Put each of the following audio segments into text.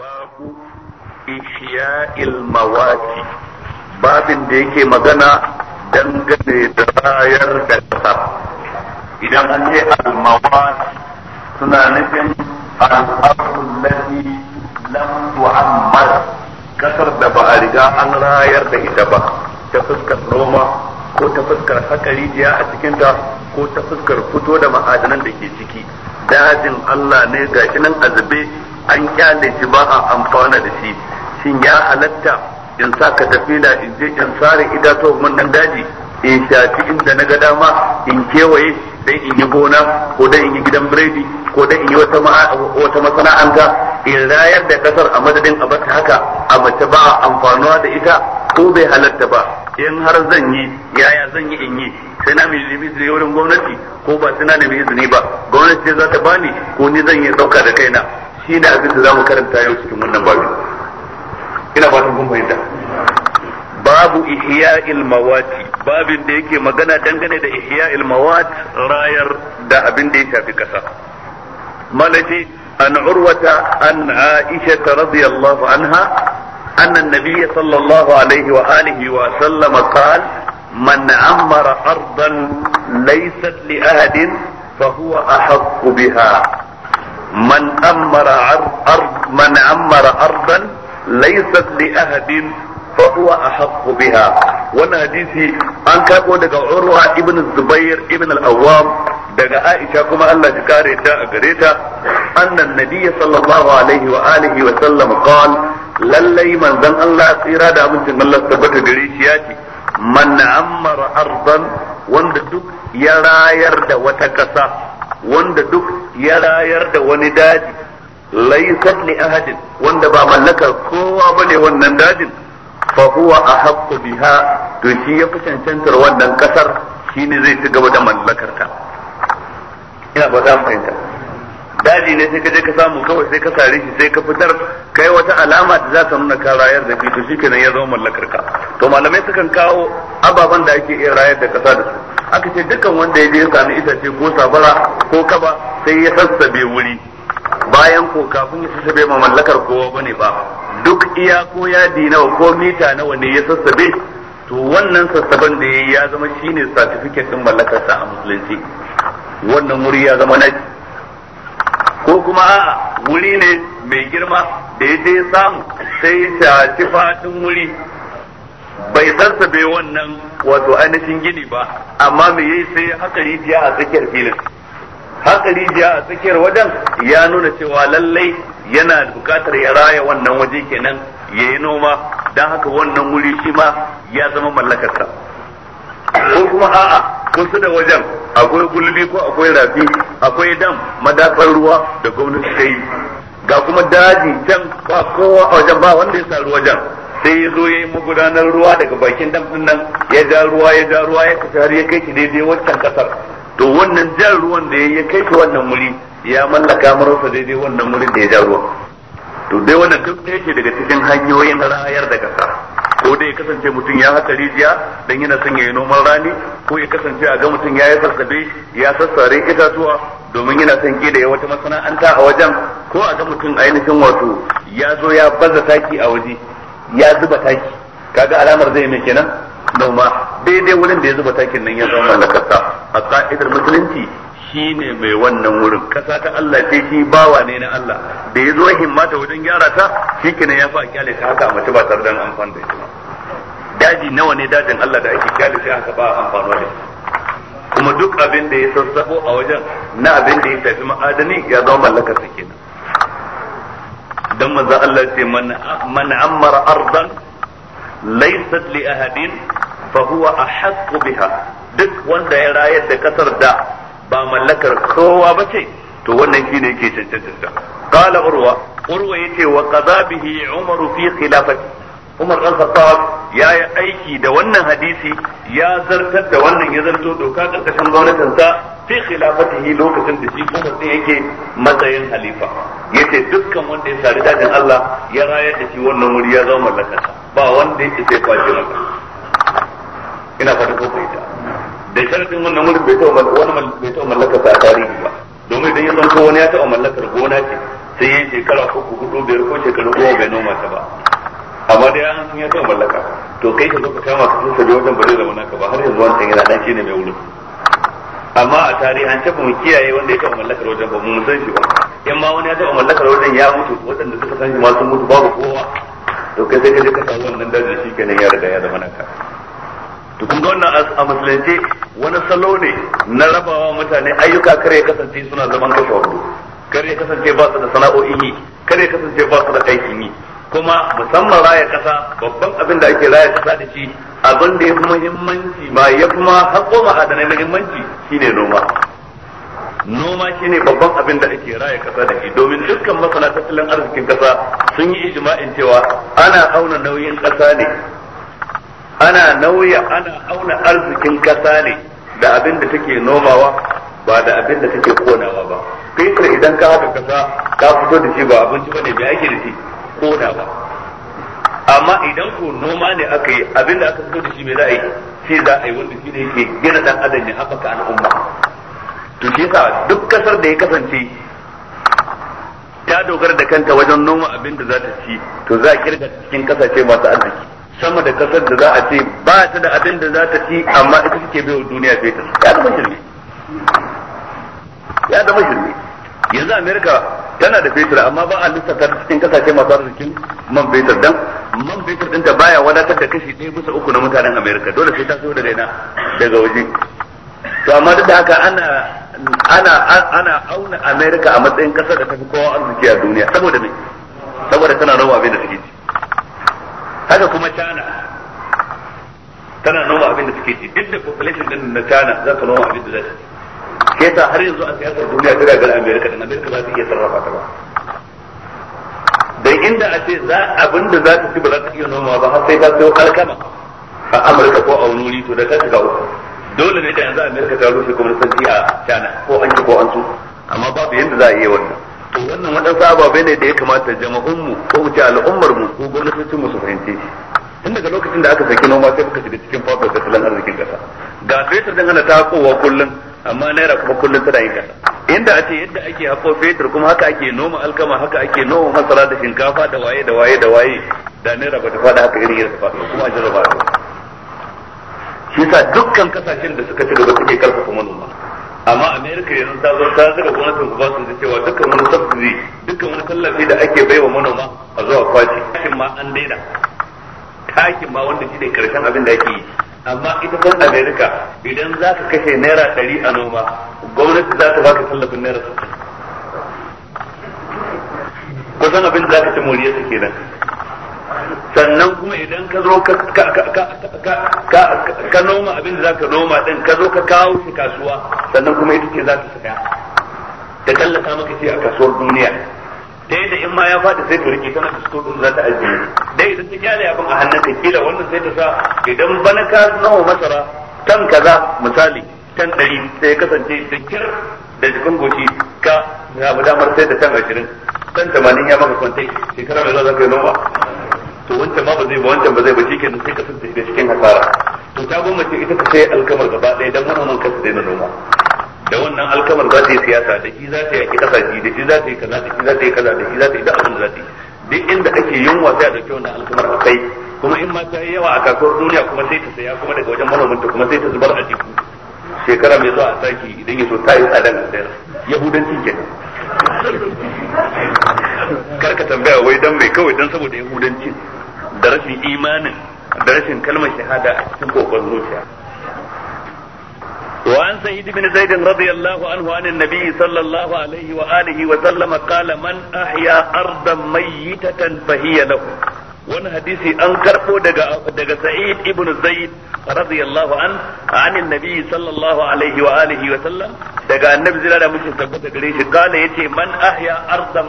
babu ihya'il mawati babin da yake magana dangane da rayar da kasa idan an ce al-mawati suna nufin al-ardul lati lam tu'ammar da ba a riga an rayar da ita ba ta fuskar noma ko ta fuskar haka rijiya a cikinta ko ta fuskar fito da ma'adanan da ke ciki dajin Allah ne gashi nan azabe an kyale shi ba a amfana da shi shin ya halatta in sa ka tafi da in je in sare idatuwan wannan daji in shafi inda na ga dama in kewaye dan in yi gona ko dan in yi gidan biredi ko dan in yi wata wata masana'anta in rayar da kasar a madadin a bata haka a mace ba amfanuwa da ita ko bai halatta ba in har zan yi yaya zan yi in yi sai na mai izini wurin gwamnati ko ba sai na nemi izini ba gwamnati ce za ta bani ko ni zan yi dauka da kaina shine abin da zamu karanta yau cikin wannan ina kun fahimta babu babin da yake magana dangane da ihya'il mawat rayar da abin da ya shafi kasa malaji an urwata an aisha radiyallahu anha أن النبي صلى الله عليه وآله وسلم قال من أمر أرضا ليست لأهد فهو أحق بها man amara ard man amara ardan laysat li ahadin fa huwa ahqqu biha wannan hadisi an karbo daga Urwa ibn Zubair ibn al-Awwam daga Aisha kuma Allah ya kare ta a gare ta annan nabiyyi sallallahu alaihi wa alihi wa sallam qala lallai manzon Allah tsira da abincin Allah tabbata gare shi ce man amara ardan wanda duk ya rayar da wata ƙasa. wanda duk ya rayar da wani daji laisat li ahadin wanda ba mallakar kowa bane wannan dajin fa huwa ahaqqu biha to shi ya fi cancantar wannan kasar shine zai ci gaba da mallakar ina ba za fahimta daji ne sai ka je ka samu kawai sai ka sare shi sai ka fitar kai wata alama da za ta nuna ka rayar da shi to shikenan ya zama mallakar ka to malamai sukan kawo ababan da ake iya rayar da kasa da su aka ce dukkan wanda ya je ya sami itace ko sabara ko kaba sai ya sassabe wuri bayan ko kafin ya sassabe ma mallakar kowa bane ba duk iya ko yadi nawa ko mita nawa ne ya sassabe to wannan sassaben da yayi ya zama shine certificate din mallakar sa a musulunci wannan wuri ya zama naji ko kuma a'a wuri ne mai girma da ya je samu sai ya ci fatin wuri bai bai wannan wato ainihin gini ba amma me yayi sai haka rijiya a tsakiyar filin haka rijiya a tsakiyar wajen ya nuna cewa lallai yana bukatar ya raya wannan waje kenan ya yi noma don haka wannan wuri shi ma ya zama mallakarsa ko kuma a'a kusa da wajen akwai gulbi ko akwai rafi akwai dam madafar ruwa da gwamnati ta yi ga kuma daji can ba kowa a wajen ba wanda ya sa wajen sai ya zo ya yi magudanar ruwa daga bakin dam nan ya ja ruwa ya ja ruwa ya kasar ya kai shi daidai wancan kasar to wannan jan ruwan da ya kai shi wannan muri ya mallaka marasa daidai wannan muri da ya ja ruwa to dai wannan duk ne yake daga cikin hanyoyin rayar da kasa ko dai ya kasance mutum ya haka rijiya dan yana son ya yi noman rani ko ya kasance a ga mutum ya yi sassabe ya sassare itatuwa domin yana son ke da wata masana'anta a wajen ko a ga mutum ainihin wato ya zo ya baza taki a waje ya zuba taki kaga alamar zai mai kenan noma daidai wurin da ya zuba takin nan ya zama na kasa a ka'idar musulunci shi ne mai wannan wurin kasa ta Allah ce shi bawa ne na Allah da ya zo himmata wajen gyara ta shi ya fa kyale ta haka mace ba tare da amfani da ita daji nawa ne dajin Allah da ake kyale shi haka ba amfani da kuma duk abin da ya sassabo a wajen na abin da ya tafi ma'adani ya zama mallakar ta kenan dan manzo Allah ce man man ammara ardan laysat li ahadin fa huwa ahaqqu biha duk wanda ya rayar da kasar da ba mallakar kowa bace to wannan ne yake cancanta qala urwa urwa yace wa qadabihi umaru fi khilafati Umar dan Khattab ya yi aiki da wannan hadisi ya zartar da wannan ya zarto doka karkashin gwamnatinsa fi khilafatihi lokacin da shi kuma sai yake matsayin halifa yace dukkan wanda ya sari dajin Allah ya rayar da shi wannan wuri ya zama mallakarsa ba wanda yake sai kwaje maka ina fata ko fahimta. da sharadin wannan wurin bai taɓa wani bai taɓa mallakarsa a tarihi ba domin idan ya zanto wani ya taɓa mallakar gona ce sai ya shekara ko hudu biyar ko shekaru goma bai noma ta ba amma dai an hansun ya ta mallaka to kai ka zo ka kama ka sun sabi wajen bare zama naka ba har yanzu wancan yana dan ne mai wurin amma a an taba mu kiyaye wanda ya taba mallakar wajen ba mu san shi ba in ma wani ya taba mallakar wajen ya mutu waɗanda suka san shi ma sun mutu babu kowa to kai sai ka je ka samu wannan dajin shi kenan ya riga ya zama naka to kun ga wannan a musulunci wani salo ne na rabawa mutane ayyuka kare ya kasance suna zaman kashe wando kare ya kasance ba su da sana'o'i kare ya kasance ba su da aikin yi kuma musamman raya kasa babban abin da ake raya kasa da shi abin da ya fi muhimmanci ba ya fi ma haƙo ma'adanai muhimmanci shine noma noma shine babban abin da ake raya kasa da shi domin dukkan masana tattalin arzikin kasa sun yi ijma'in cewa ana auna nauyin kasa ne ana nauya ana auna arzikin kasa ne da abin da take nomawa ba da abin da take konawa ba kai idan ka haka kasa ka fito da shi ba abinci bane da ake da shi koda ba amma idan ko noma ne aka yi abinda aka fito da shi me za a yi sai za a yi wanda shi ne yake gina dan adam ya haɓaka al'umma to shi yasa duk kasar da ya kasance ta dogara da kanta wajen noma abin da za ta ci to za a kirga cikin kasashe masu arziki sama da kasar da za a ce ba ta da abin da za ta ci amma ita suke bai duniya sai ta ya zama shirme ya zama shirme yanzu amerika tana da fetur amma ba a lissa ta cikin kasashe masu arzikin man fetur dan man fetur dinta baya wadatar da kashi ɗaya bisa uku na mutanen Amerika dole sai ta so da daina daga waje to amma duk da haka ana ana ana auna Amerika a matsayin kasar da tafi kowa arziki a duniya saboda me saboda tana rawa abin da suke ci haka kuma China tana noma abin da suke ci duk da population din na China za ta noma abin da za ta ci shi yasa har yanzu a siyasar duniya tana ga Amerika dan Amerika za su iya sarrafa ta ba dan inda a ce za abinda za ta ci ba za ta iya noma ba har sai ta sayo alkama a Amurka ko a wani wuri to da ka shiga uku dole ne da yanzu Amerika ta rushe kuma ci a China ko an ci ko an su amma babu yanda za a iya wannan to wannan wadansu ababai ne da ya kamata jama'unmu ko mu ce al'ummarmu ko gwamnatocinmu su fahimce shi tun daga lokacin da aka saki noma sai muka shiga cikin fadar tattalin arzikin kasa ga fetur din ana takowa kullum amma naira kuma kullum tana yin kasa inda a ce yadda ake hako fetur kuma haka ake noma alkama haka ake noma masara da shinkafa da waye da waye da waye da naira ba ta fada haka irin yadda fada kuma a jarraba ta shi sa dukkan kasashen da suka ci gaba suke karfafa manoma amma america yanzu ta zo ta zira gwamnatin ku ba su da cewa dukkan wani subsidy dukkan wani tallafi da ake baiwa manoma a zuwa kwaci shin ma an daina takin ma wanda shine karshen abin da ake yi amma ita kan america idan za ka kashe naira ɗari a noma gwamnati za ta baka tallafin naira kusan abin da za ka ci moriya su kenan sannan kuma idan ka zo ka noma abin da za ka noma din ka zo ka kawo shi kasuwa sannan kuma ita ce za ta saya ta tallata maka shi a kasuwar duniya ta yadda in ma ya faɗi sai ta rike tana da sukurin za ta ajiye dai idan ta kyale abin a hannun ka kila wannan sai ta sa idan bana ka nawa masara tan kaza misali tan ɗari sai kasance da kir da jikin goci ka samu damar sai da tan ashirin tan tamanin ya maka kwantai shekara da za ka yi noma to wancan ma ba zai ba wancan ba zai ba shikenan sai ka kasance da cikin hasara to ta ce ita ta sai alkamar gaba ɗaya dan manoman ka su daina noma da wannan alkamar za ta yi siyasa da shi za ta yi ƙasashe da shi za ta yi kaza da shi za ta yi kaza da shi za ta yi da abin da za ta yi duk inda ake yunwa sai a dauki wannan alkamar a kai kuma in ma ta yi yawa a kasuwar duniya kuma sai ta saya kuma daga wajen manomanta kuma sai ta zubar a jiki shekara mai zuwa a saki idan ya so ta yi tsadan a sayar yahudanci kenan karka tambaya wai dan mai kawai dan saboda yahudanci da rashin imanin da rashin kalmar shahada a cikin kokon zuciya وعن سعيد بن زيد رضي الله عنه عن النبي صلى الله عليه وآله وسلم قال من أحيا أرضا ميتة فهي له wani hadisi an karbo daga daga Sa'id ibn Zaid radiyallahu an anin nabi sallallahu alaihi wa alihi wa sallam daga annabi zira da muke tabbata gare shi kala yace man ahya ardan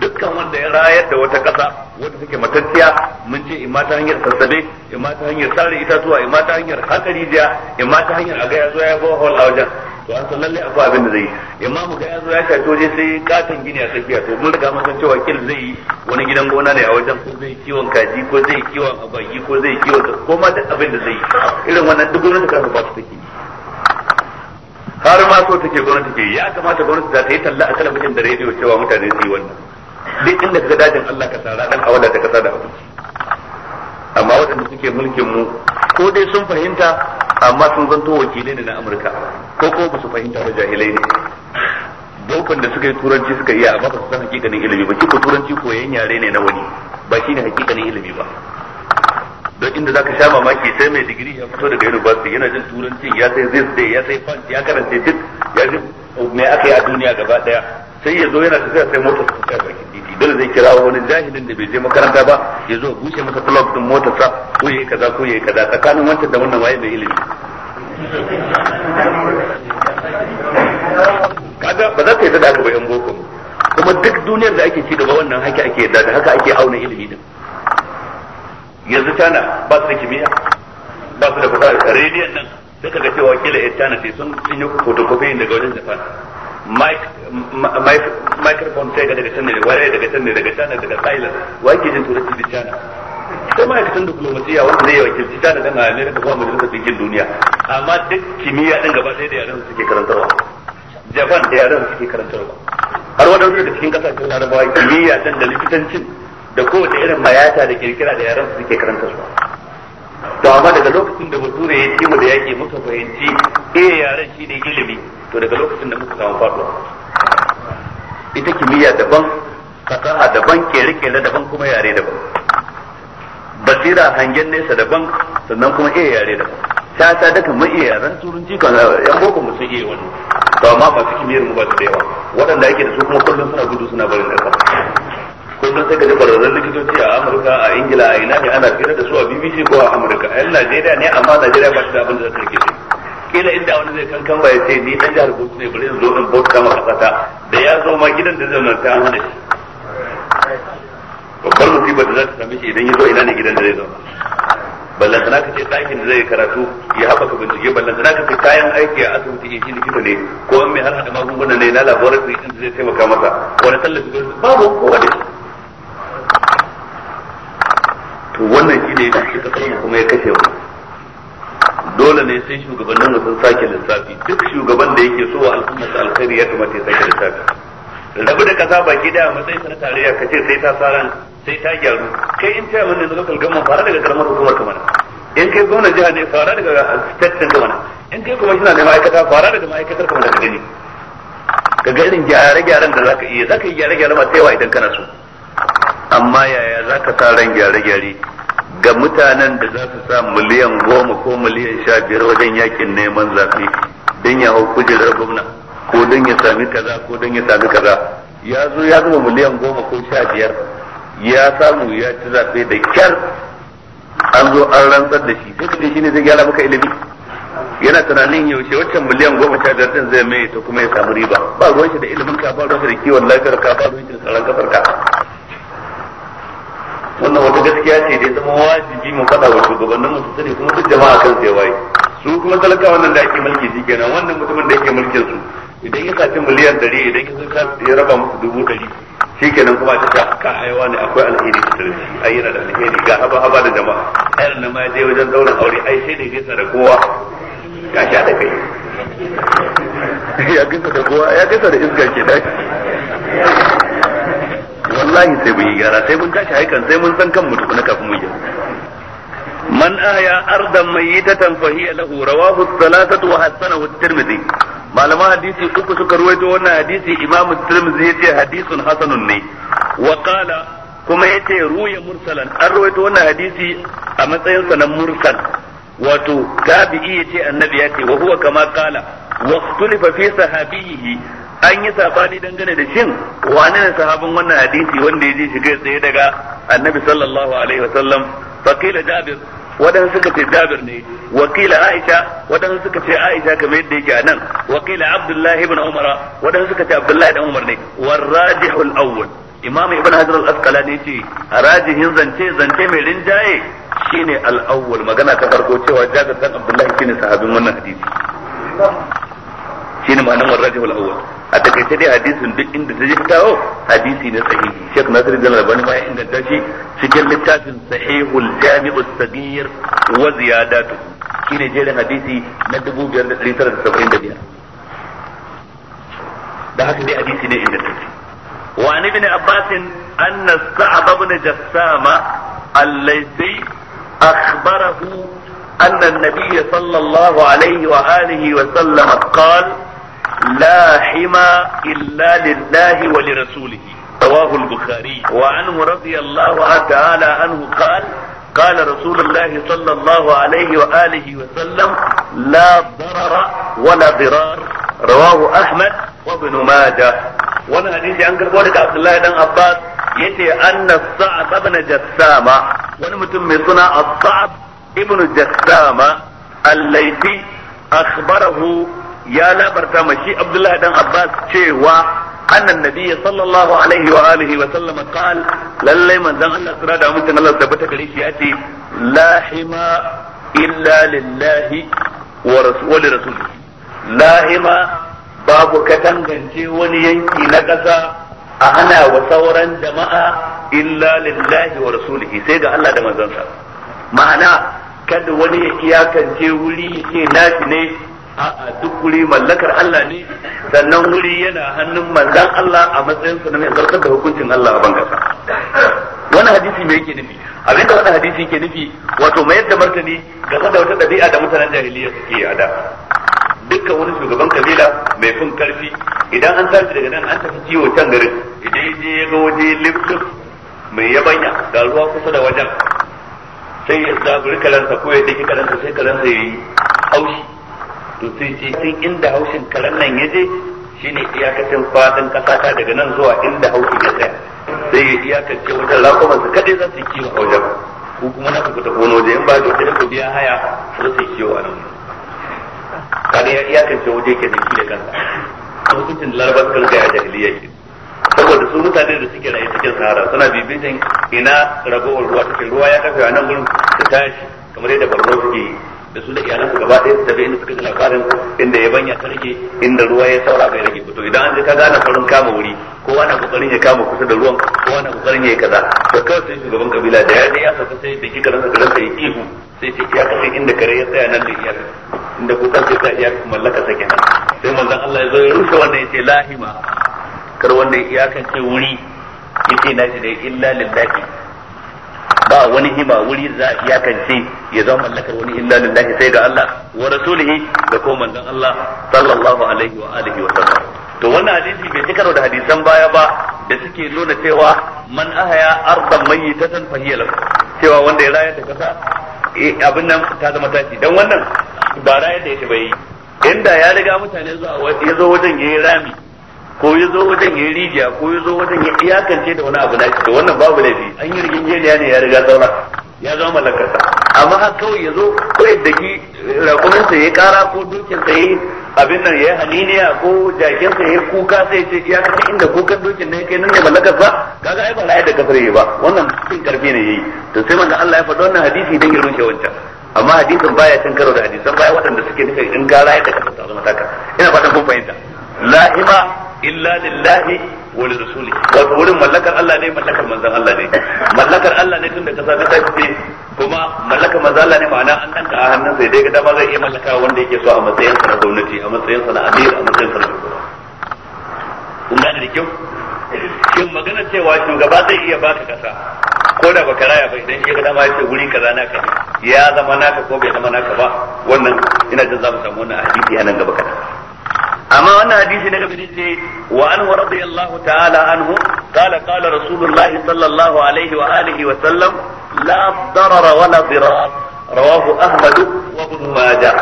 dukkan wanda ya rayar da wata ƙasa wanda take matacciya mun ce imma ta hanyar sassabe imma ta hanyar sare itatuwa imma ta hanyar haka jiya, imma ta hanyar aga ya zo ya go hol a wajen to an san lalle akwai abin da zai yi imma mu ga ya zo ya shato je sai katon gini a tsakiya to mun riga mun san cewa kil zai yi wani gidan gona ne a wajen ko zai kiwon kaji ko zai kiwon abagi ko zai kiwon ko ma da abin da zai yi irin wannan duk gwamnati kan ba su take har ma so take gwamnati ke ya kamata gwamnati ta yi talla a talabijin da rediyo cewa mutane su yi wannan duk inda ka dajin Allah ka tsara dan awala ta kasa da abu amma waɗanda suke mulkin mu ko dai sun fahimta amma sun zanto wakilai ne na Amurka ko ko ba su fahimta ba jahilai ne dokan da suka yi turanci suka iya amma ba su san hakikanin ilimi ba kiko turanci koyan yare ne na wani ba shine hakikanin ilimi ba don inda zaka sha mamaki sai mai digiri ya fito daga university yana jin turancin ya sai zai sai ya sai fanti ya karanta duk ya ji me aka yi a duniya gaba daya sai ya zo yana tafiya sai motar su ta baki dole zai kira wani jahilin da bai je makaranta ba ya zo bushe masa club din sa ko yayi kaza ko yayi kaza tsakanin wancan da wannan waye mai ilimi kaga ba za ka yi da aka bayan boko kuma duk duniyar da ake ci gaba wannan haka ake yadda da haka ake auna ilimi din yanzu tana ba su da kimiyya ba su da fasaha rediyon nan sai ga cewa kila ya tana sai sun yi fotokofi daga wajen japan microphone sai ga daga can ne ware daga can ne daga can daga Thailand wai ke jin turanci da China sai ma'aikatan diplomasiya wanda zai wakilci China dan a America ko a majalisar dinkin duniya amma duk kimiyya din gaba ɗaya da yaran suke karantarwa Japan da yaran suke karantarwa har waɗansu da cikin kasashen Larabawa kimiyya can da likitancin da kowace irin mayata da kirkira da yaran suke karantarwa to amma daga lokacin da bature ya ci mu da yake muka fahimci eh yaran shi ne ilimi to daga lokacin da muka samu faduwa ita kimiyya daban fasaha daban kere-kere daban kuma yare daban basira hangen nesa daban sannan kuma iya yare daban ta ta daga mai iya yaren turunci kan yan boko mu sun iya wani to amma masu kimiyyar mu ba su da yawa waɗanda yake da su kuma kullum suna gudu suna barin ƙasa kullum sai ka ji kwararrun likitoci a amurka a ingila a ina ne ana fira da su a bbc ko a amurka a yan najeriya ne amma najeriya ba shi da abin da za ta rike shi kila inda wani zai kankan ba ya ce ni dan jihar Bauchi ne bari in zo in bauta ma kasata da ya zo ma gidan da zauna ta hana shi babbar musibar da za ta same shi idan ya zo ina ne gidan da zai zauna ballantana ka ce ɗakin da zai karatu ya haɓaka bincike ballantana ka ce kayan aiki a asibiti ya shi likita ne ko in mai har haɗa magunguna ne na laboratory din da zai taimaka masa ko na tallafi ko babu kowa da to wannan shi ne ya kashe kasar kuma ya kashe mu dole ne sai shugabannin mu sun sake lissafi duk shugaban da yake so al'umma ta alkhairi ya kamata ya sake lissafi rabu da kasa baki daya matsayin ta tarayya ka ce sai ta saran sai ta gyaru kai in ta wannan local government fara daga karamar hukumar ka mana in kai gwamnati jiha ne fara daga state din ka mana in kai kuma shina ne ma'aikata fara daga ma'aikatar ka mana ka gani ka ga irin gyare-gyaren da zaka iya zaka yi gyare-gyare masu yawa idan kana so amma yaya zaka sa ran gyare-gyare ga mutanen da za su sa miliyan goma ko miliyan sha biyar wajen yakin neman zafi don ya hau kujerar gwamna ko don ya sami kaza ko don ya sami kaza ya zo ya zama miliyan goma ko sha biyar ya samu ya ci zafi da kyar an zo an rantsar da shi duk da shi ne zai gyara maka ilimi yana tunanin yaushe waccan miliyan goma sha biyar zai mai ta kuma ya samu riba ba ruwan shi da ilimin ka ba ruwan shi da kiwon lafiyar ka ba ruwan shi da tsaron kasar ka wannan wata gaskiya ce da zama wajibi mu faɗa wa shugabannin mu su sani kuma duk jama'a kan sai waye su kuma talaka wannan da ake mulki shi kenan wannan mutumin da yake mulkin su idan ya saci miliyan ɗari idan ya saci ya raba musu dubu ɗari shi kenan kuma ta ta ka aiwa ne akwai alheri ta tarihi ai yana da alheri ga haba haba da jama'a ayar nan ma dai wajen daura aure ai sai da gaisa da kowa ya sha da kai ya gisa da kowa ya gisa da iska ke dai wallahi sai mun yi gyara sai mun tashi haikan sai mun san kanmu tukuna kafin mu gyara man ahya ardan mayyitatan fa hiya lahu rawahu thalathatu wa hasanahu at-tirmidhi malaman hadisi uku suka ruwaito wannan hadisi imamu tirmidhi yace hadisun hasanun ne wa qala kuma yace ruya mursalan an ruwaito wannan hadisi a matsayin sa na mursal wato tabi'i yace annabi yace wa huwa kama qala wa ikhtulifa fi sahabihi an yi sabani dangane da shin wane ne sahabin wannan hadisi wanda ya ji shi kai tsaye daga annabi sallallahu alaihi wasallam fakila jabir waɗansu suka ce jabir ne wakila aisha waɗansu suka ce aisha kamar yadda yake a nan wakila abdullahi ibn umara waɗansu suka ce abdullahi ibn umar ne warrajihul awwal imam ibn hajar al-asqalani ce rajihin zance zance mai rinjaye shine al-awwal magana ta farko cewa jabir dan abdullahi shine sahabin wannan hadisi shine ma'anar rajihul awwal a takaice dai hadisin duk inda ta je kawo hadisi ne sahihi Sheikh Nasir Jalal Albani ma ya inganta shi cikin littafin Sahihul Jami'u Sagir wa Ziyadatu shine jerin hadisi na 5975 da haka dai hadisi ne inda take wa an ibn Abbas anna Sa'ab ibn Jassama al-Laythi akhbarahu أن sallallahu صلى wa عليه wa وسلم قال لا حمى إلا لله ولرسوله رواه البخاري وعنه رضي الله تعالى عنه قال قال رسول الله صلى الله عليه وآله وسلم لا ضرر ولا ضرار رواه أحمد وابن ماجه وانا حديثي عن قربولك عبد الله بن عباس يتي أن الصعب بن جسامة وانا متمسنا الصعب ابن جسامة الليثي أخبره ya labarta ma shi Abdullahi dan Abbas cewa أن wa sallama. الله عليه وآله وسلم قال للي من زمان الله سرى shi ya ce ثبتك يأتي لا حما إلا لله ولرسوله لا حما باب كتنغن wani yanki na ƙasa a hana wa sauran jama'a illa lillahi wa rasulihi sai ga Allah da manzansa ma'ana kada wani ya kiyakance wuri ya nashi ne a'a duk wuri mallakar Allah ne sannan wuri yana hannun manzan Allah a matsayin sa na mai zartar da hukuncin Allah a bangasa wani hadisi mai yake nufi abinda wani hadisi yake nufi wato mai yadda martani ga kada wata dabi'a da mutanen jahiliya suke da dukkan wani shugaban kabila mai fin karfi idan an tashi daga nan an tafi ciwo can garin idan ya je ya ga waje liflif mai yabanya ga ruwa kusa da wajen sai ya zaburi kalansa ko ya dake kalansa sai kalansa ya yi haushi to sai ce tun inda haushin karen nan ya je ne iyakacin fadin kasata daga nan zuwa inda haushin ya tsaya sai ya iyakance wajen rakuman su kadai za su kiwo a wajen ko kuma na ku tafi waje in ba da wajen ku biya haya za su kiwo a nan kare ya iyakance waje ke da da kansa hukuncin larabar kalga ya jahiliya ke saboda su mutane da suke rayu cikin sahara suna bibitin ina ragowar ruwa cikin ruwa ya kafe a nan gurin su tashi kamar yadda barno suke yi da su da iyalan su gaba ɗaya su tafi inda suka ji labarin inda ya banya ta rage inda ruwa ya saura bai rage to idan an je ka gane farin kama wuri kowa na kokarin ya kama kusa da ruwan kowa na kokarin ya yi kaza to kawai sai shugaban kabila da ya ne ya sauka sai da kika ransa ransa ya ihu sai ce ya kace inda kare ya tsaya nan da iyaka inda kuka sai ka iyaka mallaka sake nan sai manzon Allah ya zo ya rushe wannan ya ce lahima kar wanda ya iyakance wuri yace na shi da illa lillahi ba wani hima wuri za a iyakance ya zama mallakar wani illa lillahi sai ga Allah wa rasulihi da ko manzon Allah sallallahu alaihi wa alihi wa sallam to wannan hadisi bai tikaro da hadisan baya ba da suke nuna cewa man ahaya ardan mayyitatan fahiya lahu cewa wanda ya rayar da kasa eh, abin nan ta zama tashi dan wannan ba rayar da yake bai inda ya riga mutane zuwa ya zo wajen yi rami ko ya zo wajen ya rijiya ko ya zo wajen ya iyakance da wani abu na wannan babu laifi an yi jeniya ne ya riga zauna ya zama mallakarsa amma har kawai ya zo ko yadda ki rakuminsa ya kara ko dukin sa yi abin nan ya haniniya ko sa ya kuka sai ce ya kace inda kukan dukin ne kai nan ne mallakarsa kaga ai ba ra'ayi da kasar yi ba wannan cikin karfi ne yayi to sai manzo Allah ya faɗa wannan hadisi dan girman rushe wancan amma hadisin baya cin karo da hadisan baya waɗanda suke nufin in gara ya da kasar ta zama taka ina fatan kun fahimta la'ima illa lillahi wa li rasuli wato wurin mallakar Allah ne mallakar manzon Allah ne mallakar Allah ne tunda kasa ta ce kuma mallakar manzon Allah ne ma'ana an danka a hannun sai dai ga dama zai iya mallaka wanda yake so a matsayin sa na gwamnati a matsayin sa na amir a matsayin sa na shugaba kun gane da kyau shin magana cewa shugaba zai iya baka kasa ko da baka raya ba idan shi ga dama yace wuri kaza naka ya zama naka ko bai zama naka ba wannan ina jin za mu samu wannan hadisi a nan gaba kadan amma wannan hadisi na gabi ce wa anhu radiyallahu ta'ala anhu qala qala rasulullah sallallahu alaihi wa alihi wa sallam la darara wa la dirar rawahu ahmad wa ibn majah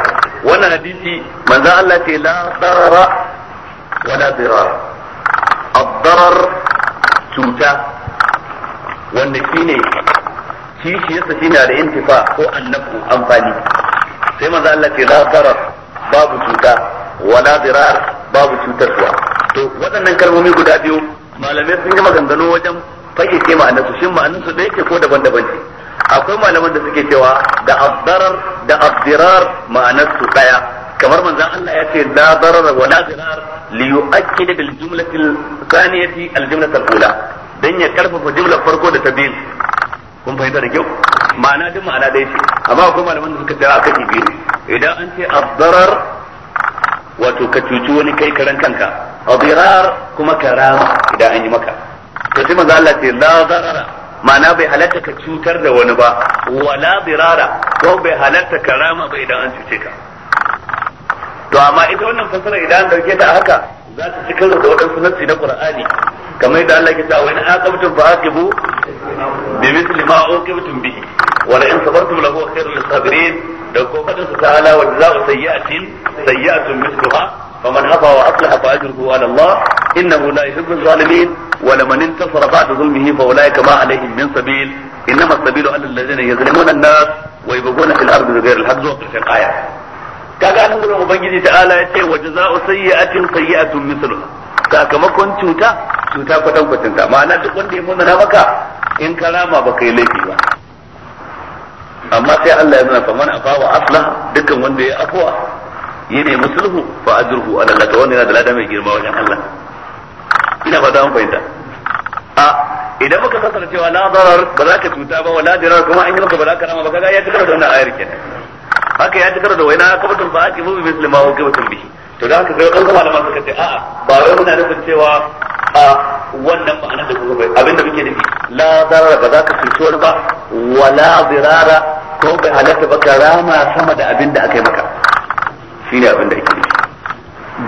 wannan hadisi manzo Allah ce la darara wa la dirar ad-darar cuta wanda shine kishiyarsa shine da intifa ko annabu amfani sai manzo Allah ce la darar babu cuta wala dirar babu cutarwa to waɗannan kalmomi guda biyu malamai sun yi maganganu wajen fage ce ma'anarsu shin ma'anarsu da yake ko daban-daban ce akwai malaman da suke cewa da abdarar da abdirar ma'anarsu daya kamar manzon Allah ya ce la darar wa la dirar li yu'akkid bil jumlati al thaniyati al jumlati al ula dan ya karfafa jumlar farko da ta biyu kun fahimta da kyau ma'ana duk ma'ana dai ce amma akwai malaman da suka tsaya akan biyu idan an ce abdarar wato ka cuci wani kai karan kanka adirar kuma karama idan an yi maka to sai manzo Allah ce la zarara ma'ana bai halatta ka cutar da wani ba wala birara ko bai halatta karama ba idan an cuce ka to amma ita wannan fasara idan an dauke ta haka za ta ci karo da waɗansu nassi na Qur'ani kamar yadda Allah ke cewa wa in aqabtum fa aqibu bi mithli ma uqibtum bihi wa la in sabartum lahu khairul sabirin da ko fadin su ta'ala wa jaza'u sayyi'atin sayyi'atun mithluha faman afa wa aslaha fa ajruhu 'ala Allah innahu la yuhibbu adh-dhalimin wa laman intasara ba'da zulmihi fa ulaika ma 'alayhim min sabil innama as-sabilu 'ala alladhina yuzlimuna an-nas wa yabghuna fil ardi bighayri al-haqqi wa fil qaya kaga anan gurin ubangiji ta'ala yace wa jaza'u sayyi'atin sayyi'atun mithluha sakamakon cuta cuta kwatan kwatanta ma'ana duk wanda ya munana maka in karama baka yi laifi ba amma sai Allah ya zana fa man afa wa aslaha dukkan wanda ya afwa ya nemi sulhu fa ajruhu ala Allah to wannan yana da lada mai girma wajen Allah ina fata an fahimta a idan muka fassara cewa la darar ba za ka cuta ba wala dirar kuma an yi maka ba za ka rama ba kaga ya tukar da wannan ayar kenan haka ya tukar da waina ka batun ba a kibu bi muslima wa kibatun bihi to da haka sai kan malaman suka ce a'a ba wai muna nufin cewa a wannan anan da kuka bai abinda muke nufi la zarara ba za ka cuci ba wala zirara ko bai halatta ba rama sama da abinda akai yi maka shine abinda ake nufi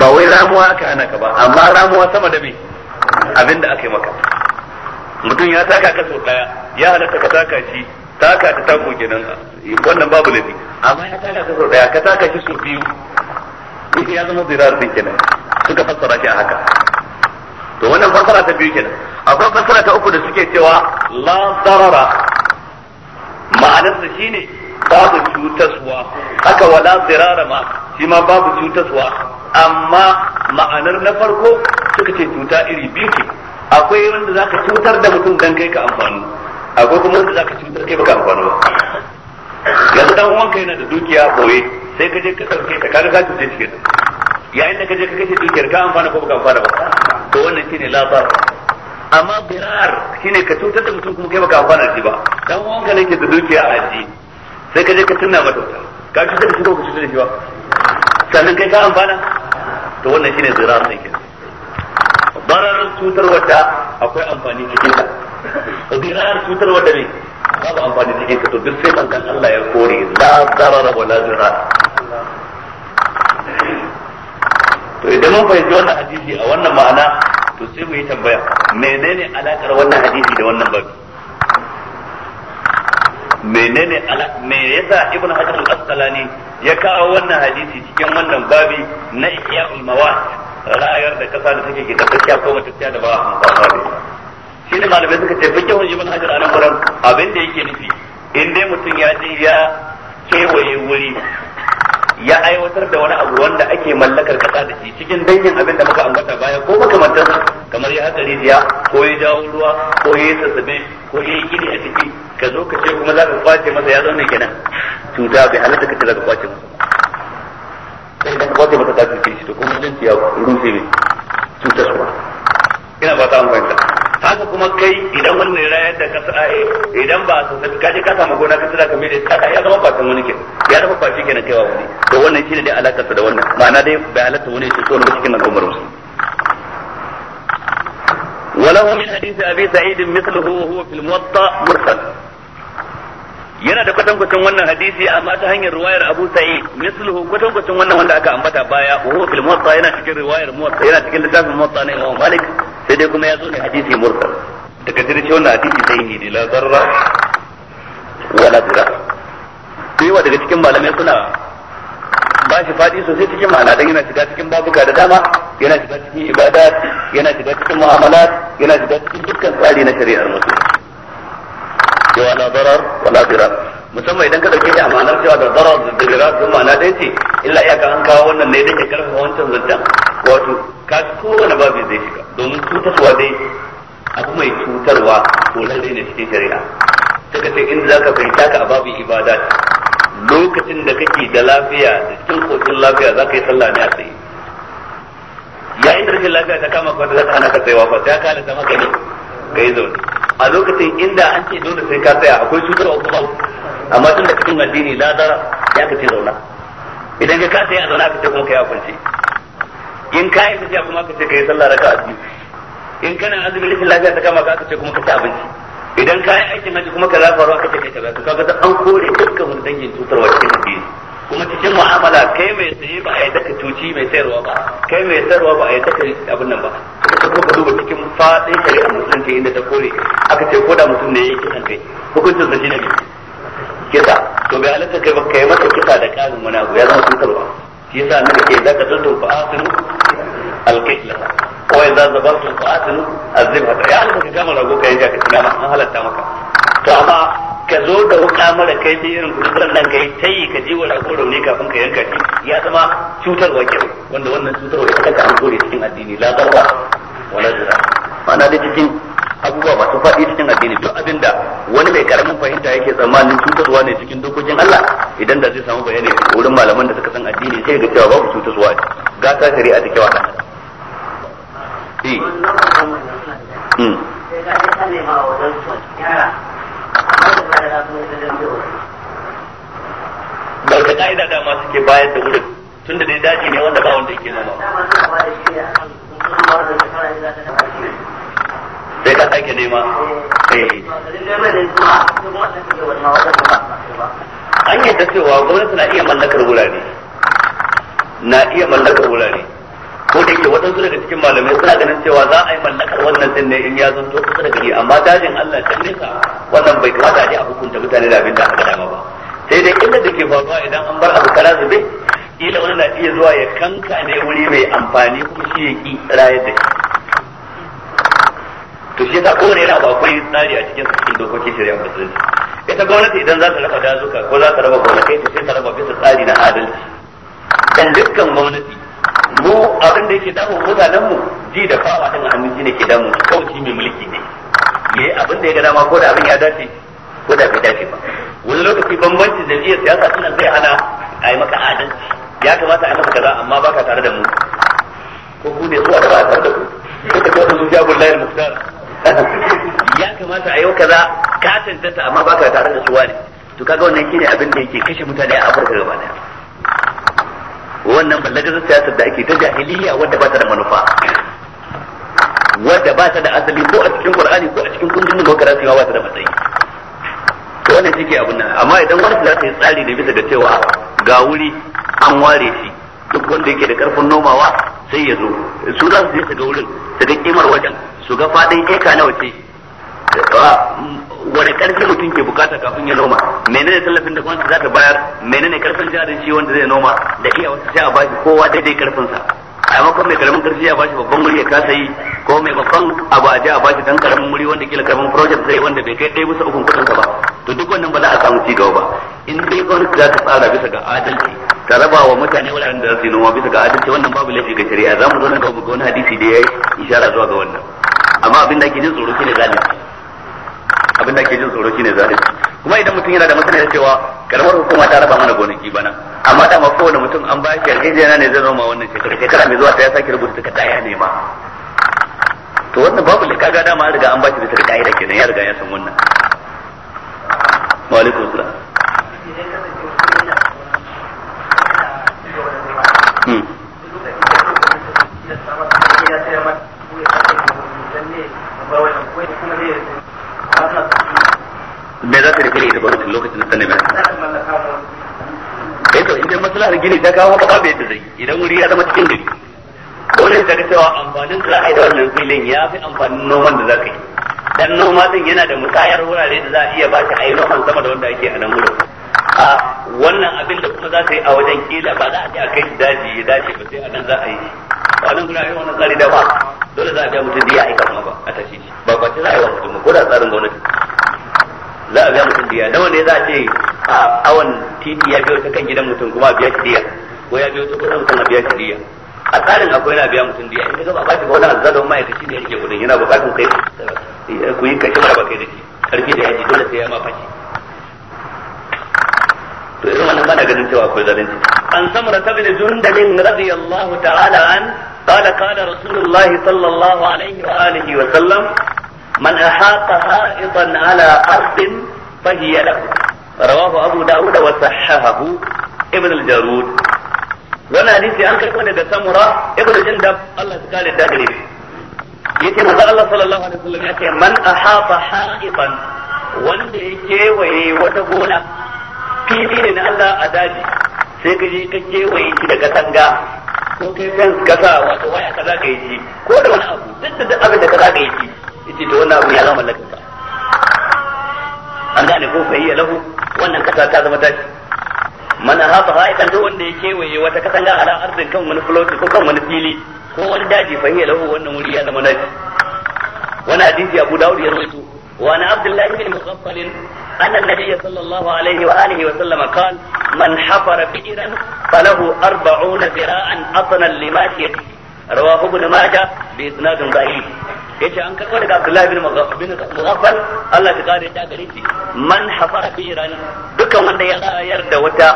ba wai ramuwa aka hana ka ba amma ramuwa sama da me abinda akai maka mutum ya taka ka sau daya ya halatta ka taka shi taka ta tako kenan wannan babu laifi amma ya taka ka sau daya ka taka shi su biyu ya zama zirar din kenan suka fassara shi a haka to wannan fassara ta biyu kenan akwai fassara ta uku da suke cewa la darara ma'anarsa shine babu cutaswa haka wala zirara ma shi ma babu cutaswa amma ma'anar na farko suka ce cuta iri biyu ce akwai wanda zaka cutar da mutum dan kai ka amfani akwai kuma wanda zaka cutar kai ka amfani ba yanzu dan uwanka yana da dukiya boye sai ka je ka ɗauke ta kaga ka cuce shi yayin da ka je ka kashe dukiyar ka amfana ko baka amfana ba to wannan shine labar amma birar shine ka cutar da mutum kuma kai baka amfana shi ba dan wanka ne ke da dukiya a aji sai ka je ka tunna mata wuta ka cutar da shi ko ka cutar da shi ba sannan kai ka amfana to wannan shine zirar ne ke barar cutar wata akwai amfani cikin ta zirar cutar wata ne babu amfani cikin ka to duk sai kan Allah ya kore la zarara wala zirar to idan mun fahimci wannan hadisi a wannan ma'ana to sai mu yi tambaya menene alakar wannan hadisi da wannan babu menene me yasa ibnu hajar al-asqalani ya kawo wannan hadisi cikin wannan babi na ihya'ul mawat ra'ayar da kasa da take gida tsakiya ko matacciya da ba a amfana da shi ne malamai suka ce fikin ibnu hajar a nan gurin abin da yake nufi in dai mutum ya je ya kewaye wuri ya aiwatar da wani abu wanda ake mallakar kasa da shi cikin dangin abin da muka ambata baya ko makamantansa kamar ya haka rijiya ko ya jawo ruwa ko ya sassabe ko ya yi gini a ciki ka zo ka ce kuma za ka kwace masa ya zauna kenan cuta bai halatta ka ce za ka kwace masa sai ka kwace masa ta cuce shi to kuma mutunci ya rufe ne cutar ina ba ta amfani haka kuma kai idan wannan mai rayar da kasa eh, idan ba su sai kaje ka samu gona ka tsira ka mai da kasa ya zama bakin wani ke ya zama baki kenan kaiwa wani to wannan shine dai alaka da wannan ma'ana dai bai halatta wani shi so ne cikin nan al'ummar musulmi وله من حديث ابي سعيد مثله huwa fil muwatta mursal yana da kwatan kwatan wannan hadisi amma ta hanyar riwayar Abu Sa'id kwatan kwatan wannan wanda aka ambata baya wa huwa fil muwatta yana cikin riwayar muwatta yana cikin littafin muwatta na Imam Malik sai dai kuma ya zo ne hadisi mursal daga jirgin wannan hadisi sai ne da lazarra wala dura sai wa daga cikin malamai suna ba shi fadi sosai cikin ma'ana dan yana shiga cikin babuka da dama yana shiga cikin ibada yana shiga cikin mu'amalat yana shiga cikin dukkan tsari na shari'ar musulunci cewa la darar wala dira musamman idan ka dauke shi a ma'anar cewa da darar da dira sun ma'ana dai ce illa iyakan an kawo wannan ne dan ke karfafa wancan zantan wato ka kowane babu zai shiga domin cutarwa dai abu mai cutarwa ko lalle ne cikin shari'a daga sai inda zaka fahimta ka babu ibada lokacin da kake da lafiya da cikin kokin lafiya zaka yi sallah ne a tsaye yayin da rashin lafiya ta kama kwata zaka hana ka tsayawa fa sai ka halatta maka ne kai yi a lokacin inda an ce dole sai ka tsaya akwai cutarwa ko babu amma tun da cikin addini ladara ya ka ce zauna idan ka tsaya a zauna ka ce kuma kai a kwance in ka yi tafiya kuma ka ce ka yi sallah a biyu in kana azumin rashin lafiya ta kama ka aka ce kuma ka ci abinci idan ka yi aikin haji kuma ka zafa ruwa ka ce ka kaza to kaga an kore dukkan wani dangin cutarwa cikin addini kuma cikin mu'amala kai mai saye ba a yi daka cuci mai sayarwa ba kai mai sayarwa ba a yi daka abin nan ba ka kuma duba cikin fadin shari'a musulunci inda ta kore aka ce ko da mutum ne ya yi kisan kai hukuncin sa shine kisa to bai halatta kai ba kai masa kisa da karin wani abu ya zama cutarwa shi yasa ne ke zaka tuntun fa asinu alqitla wa idza zabartum fa asinu azibha ya Allah ka gama rago kai ga kana ma an halatta maka to amma ka zo da wuka mara kai da irin kudurar nan kai tayi ka ji wa rago rauni kafin ka yanka shi ya zama cutarwa ke wanda wannan cutarwa ita ta an kore cikin addini la darwa wala jira ma'ana da cikin abubuwa masu faɗi cikin addini duk abin da wani mai karamin fahimta yake tsammanin cutarwa ne cikin dokokin Allah idan da zai samu bayani wurin malaman da suka san addini sai ga cewa babu cutarwa ga ta shari'a ta kewa kana eh mm ta ka'ida dama suke bayar da wurin tun dai daji ne wanda ba wanda yake noma sai ka sake nema eh. an yadda cewa gwamnati na iya mallakar wurare na iya mallakar wurare ko da yake waɗansu daga cikin malamai suna ganin cewa za a yi mallakar wannan din ne in ya to kusa da gari amma dajin Allah can nesa wannan bai kamata a je a hukunta mutane da abin da aka dama ba sai dai inda da ke faruwa idan an bar abu kala zube kila wani na iya zuwa ya kanka ne wuri mai amfani kuma shi ya ki rayar da shi to shi yasa kowane yana ba akwai tsari a cikin cikin dokokin shari'a musulunci ita gwamnati idan za ta raba dazuka ko za ta raba gonakai ta sai ta raba bisa tsari na adalci dan dukkan gwamnati mu abin da yake damun mutanen mu ji da fawa din hannun ne ke damun kauci mai mulki ne yayi abin da ya ga dama ko da abin ya dace ko da bai dace ba wani lokaci bambanci jiya siyasa tana zai hana a yi maka adalci ya kamata a yi maka kaza amma baka tare da mu ko ku ne zuwa da ba tare da ku ko ta kawo zuciya bullahi muktar ya kamata a yau kaza ka tantance amma baka tare da suwa ne to kaga wannan shine abin da yake kashe mutane a Afirka gaba daya wannan ballagarar siyasar da ake ta jahiliya wanda ba ta da manufa wanda ba ta da asali ko a cikin Qur'ani ko a cikin kundin demokarasiya ba ta da matsayi to wannan shike abin nan amma idan wani za ta yi tsari ne bisa ga cewa ga wuri an ware shi duk wanda yake da karfin nomawa sai ya zo su za su je su ga wurin su ga kimar wajen su ga fadin eka nawa ce wani karfi mutum ke bukata kafin ya noma menene tallafin da gwamnati za ta bayar menene karfin jarin shi wanda zai noma da iya wasu sai a bashi kowa daidai karfinsa a maimakon mai karamin karfi ya bashi babban murya ka sayi ko mai babban abu a je a bashi dan karamin muri wanda kila karamin project sai wanda bai kai ɗaya bisa ukun kudin ka ba to duk wannan ba za a samu cigaba ba in dai gwamnati za ta tsara bisa ga adalci ta raba wa mutane wuraren da za su yi noma bisa ga adalci wannan babu laifi ga shari'a za mu zo nan ga wani hadisi da ya yi ishara zuwa ga wannan amma abin da ke jin tsoro shine zalunci abin da ake jin tsoro shine zalunci kuma idan mutum yana da masaniyar cewa karamar hukuma ta raba mana gonaki bana amma da ma kowane mutum an ba shi yarjejeniya ne zai zama wannan shekara shekara mai zuwa ta ya sake rubuta daya ne ma to wannan babu da ga dama riga an ba shi da takarda ya kenan ya riga ya san wannan wa alaikum salam Hmm. me za ta rike ne da gwamnatin lokacin da sanin mai eh to masala da gini ta kawo haka babu yadda zai idan wuri ya zama cikin gari wani ta cewa amfanin da za wannan filin ya fi amfanin noman da za ka yi dan noma din yana da musayar wurare da za a iya ba shi ayi noman sama da wanda ake a nan wurin a wannan abin da kuma za ka yi a wajen kila ba za a ce a kai daji ya dace ba sai a nan za a yi a nan gurare wannan tsari da ba dole za a biya mutum da ya aika kuma ba a tashi ba kwace za a yi wa mutum ko da tsarin gwamnati za a biya mutum diya nawa ne za a ce a awon titi ya biyo ta kan gidan mutum kuma a biya shi diya ko ya biyo ta kudin mutum a biya shi diya a tsarin akwai yana biya mutum diya inda ka ba shi ba wani azzalon ma'aikaci da ya rike kudin yana bukatun kai eh, ku yi kashe mara ba kai da shi karfi da yaji dole sai ya ma fashi to irin wannan ba na ganin cewa akwai zalunci an samura tabin jundalin radiyallahu ta'ala an قال قال رسول الله صلى الله عليه وآله وسلم من أحاط حائطا على أرض فهي له رواه أبو داود وصححه ابن الجارود wannan hadisi an karɓo daga samura ibnu jindab Allah ya kare da gare shi yace manzo Allah sallallahu alaihi wasallam ce man ahata ha'iban wanda ya kewaye wata gona fili ne na Allah a daji sai ka je ka kewaye shi da katanga ko kai kan kasa wato waya kaza ka yi ji ko da wani abu duk da duk abin da kaza ka yi ji yace to wannan abu ya zama mallakin ka an gane ko fa lahu wannan kasa ta zama tashi mana hafa haifan duk wanda ya kewaye wata katanga a ala arzin kan wani floti ko kan wani fili ko wani daji fa lahu wannan wuri ya zama nashi wani hadisi Abu Dawud ya rawaito وعن عبد الله بن مغفل أن النبي صلى الله عليه وآله وسلم قال من حفر بئرا فله أربعون ذراعا أطنا لما فيه رواه ابن ماجه بإسناد ضعيف yace an karɓo daga Abdullahi bin bin Allah ta kare ta gare shi man hafara bi dukkan wanda ya tsayar da wata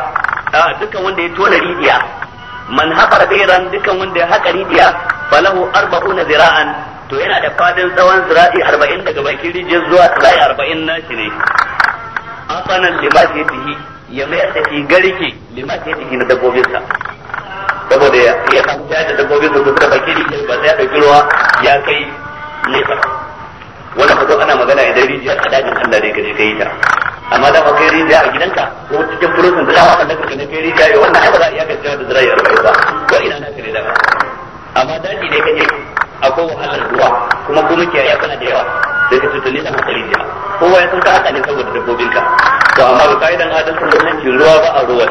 dukkan wanda ya tona rijiya man hafara bi dukkan wanda ya haka rijiya falahu arba'una zira'an to yana da fadin tsawon zira'i arba'in daga bakin rijiyar zuwa zira'i arba'in nashi ne asanan limashi ya tihi ya mayar da garke limashi ya tihi na dabbobinsa saboda ya iya samu ya da dabbobinsa su da bakin rijiyar ba sai ya ɗauki ya kai nesa wannan fito ana magana idan rijiyar a dajin Allah ne ka je ka yi ta amma da ba kai rijiya a gidanka ko cikin furusun da dama da ka ne kai rijiya ya wannan ai ba za a iya kacewa da zira'i arba'in ba ko ina na ka da dama amma daji ne ka je akwai wahalar ruwa kuma ko muke ya kana da yawa sai ka tuto ni da hankali da kowa ya san ka haka ne saboda dabbobinka to amma ga kaidan adalcin ki ruwa ba a ruwa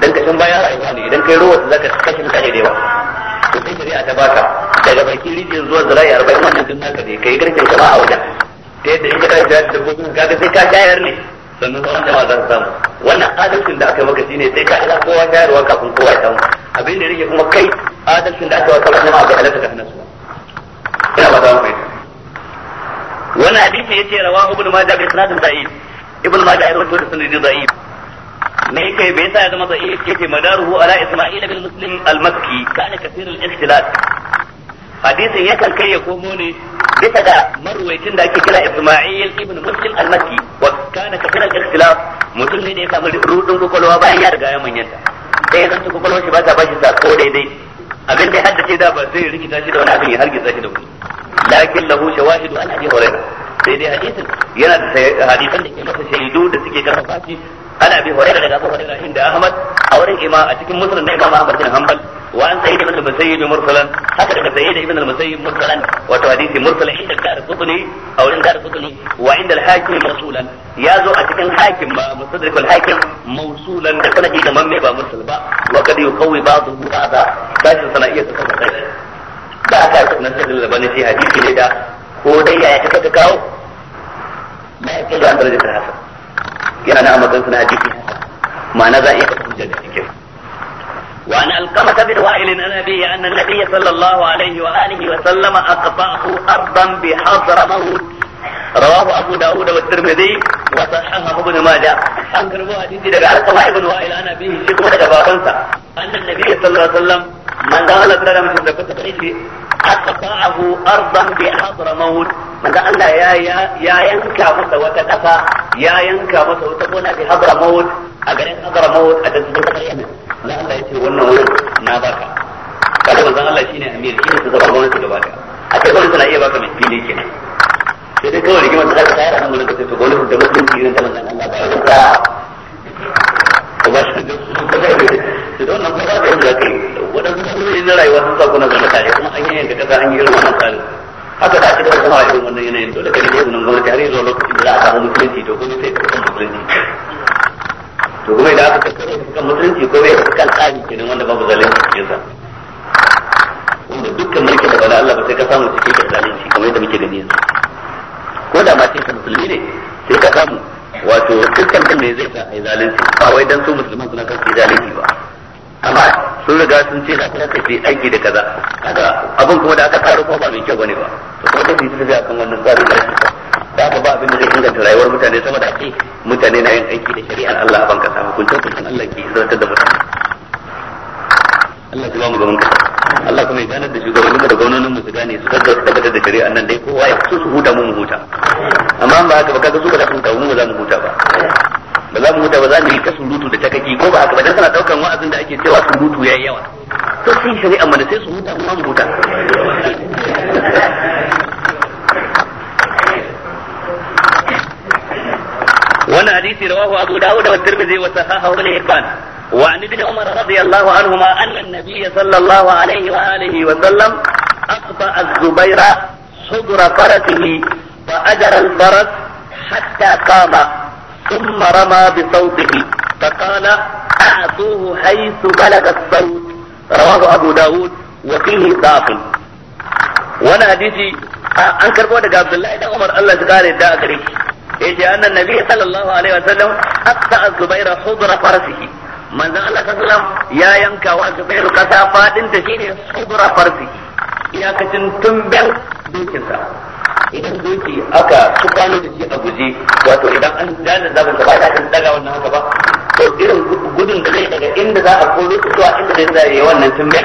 dan ka san baya rayuwa ne idan kai ruwa zaka kashe mutane da yawa to sai shari'a ta baka daga bakin rijiyar zuwa zira'i arba'in wannan duk naka ne kai garkin ka ba a wajen da yadda in ka tashi da dabbobin ka ga sai ka shayar ne sannan sauran jama'a za su samu wannan adalcin da aka maka shine sai ka hada kowa shayarwa kafin kowa ya samu abin da yake kuma kai adalcin da aka wasa kuma ga halaka ka hana su ina ba ya rawaito da sanadin sa ya zama da'if madaruhu ala kai ya komo ne bisa da marwaitin da ake kira Isma'il ibn Muslim al-Makki wa kana al-ikhtilaf mutum ne da ya samu rudin kokolwa bayan ya riga ya manyanta sai ya zanta kokolwa shi ba ta bashi sa ko daidai abin da ya haddace da ba zai rikita shi da wani abin ya hargitsa shi da wani lakin lahu shawahidu an abi hurairah sai dai hadisin yana da hadisan da ke masa shaidu da suke ana bi horai daga inda Ahmad a wurin ima a cikin musnad na Imam Ahmad bin Hanbal wa an sayyid ibn al-musayyib mursalan haka daga sayyid ibn al-musayyib mursalan wato hadisi inda a wurin ad-darqutni wa inda al-hakim mawsulan ya zo a cikin hakim ba al-hakim da mamme ba mursal ba wa kad yuqawi ba'dahu ba'da shi hadisi ne da وديك يا كتاب كاو ما يكون عن درجة الحسن كنا نعم كنا حديثي ما نذا يكون وعن القمة بن وائل عن أبيه أن النبي صلى الله عليه وآله وسلم أقطعه أرضا موت رواه أبو داود والترمذي وصححه ابن ماجه عن كربوه حديثي دقاء القمة بن وائل عن أبيه شكوه دقاء أن النبي صلى الله عليه وسلم من دخل بنا من شبكة أقطعه أرضا arba manzo Allah ya ya yanka masa ya yanka masa wata gona bi a garin Hadramaut ya ce wannan wurin na baka kaga manzo a sai kawai ta a nan wurin da ta manzo Allah ba ya ta ba shi da to da wannan kuma da yadda kai wadansu ne na rayuwa sun sa kuna zama tare kuma an yi yanka kasa an yi irin wannan tsarin haka da ake kuma irin wannan yanayin dole kai da izinin gwamnati har yanzu lokacin da za a samu musulunci to kuma sai karɓar musulunci to kuma idan aka karɓar kan musulunci ko bai kan tsari kenan wanda babu zalunci cikin sa wanda dukkan mulkin da ba na Allah ba sai ka samu cikin da zalunci kamar yadda muke gani yanzu ko da ma sai ka musulmi ne sai ka samu wato dukkan kan ne zai ta zalunci ba wai dan su musulman suna kan zalunci ba sun riga sun ce ka kanka sai aiki da kaza kaga abin kuma da aka karu ko ba mai kyau bane ba to ko dai su ga kan wannan tsari ne da aka ba abin da zai inganta rayuwar mutane sama da ake mutane na yin aiki da shari'ar Allah a banka samu kun tabbata Allah ke zartar da mutane Allah kuma mu gaban ka Allah kuma ya ganar da shugabannin da gwamnonin mu su gane su kaddara su tabbatar da shari'ar nan dai kowa ya so su huta mu mu huta amma ba haka ba kaga su ba za su huta mu ba za mu huta ba ba za mu huta ba za mu yi ka surutu da takaki ko ba haka ba dan kana daukan wa'azin da ake cewa surutu yayi yawa to sai shari'a mana sai su huta kuma mu huta wannan hadisi rawahu abu dawud wa tirmidhi wa sahahahu al-hibban وعن ابن عمر رضي الله عنهما أن النبي ثم رمى بصوته فقال أعطوه حيث بلغ الصوت رواه أبو داود وفيه باقي وانا حديثي an karbo daga Abdullahi dan Umar Allah ya kare da gare shi yace annan nabi sallallahu alaihi wasallam aqta az-zubaira hudra farsihi manzon Allah sallallahu ya yanka wa zubairu kasa fadin ta shine hudra farsihi iyakacin tumben idan doki aka tukano da shi a guje wato idan an dana zaban ba ta kan daga wannan haka ba to irin gudun da zai daga inda za a koro su zuwa inda zai zai wannan tumbe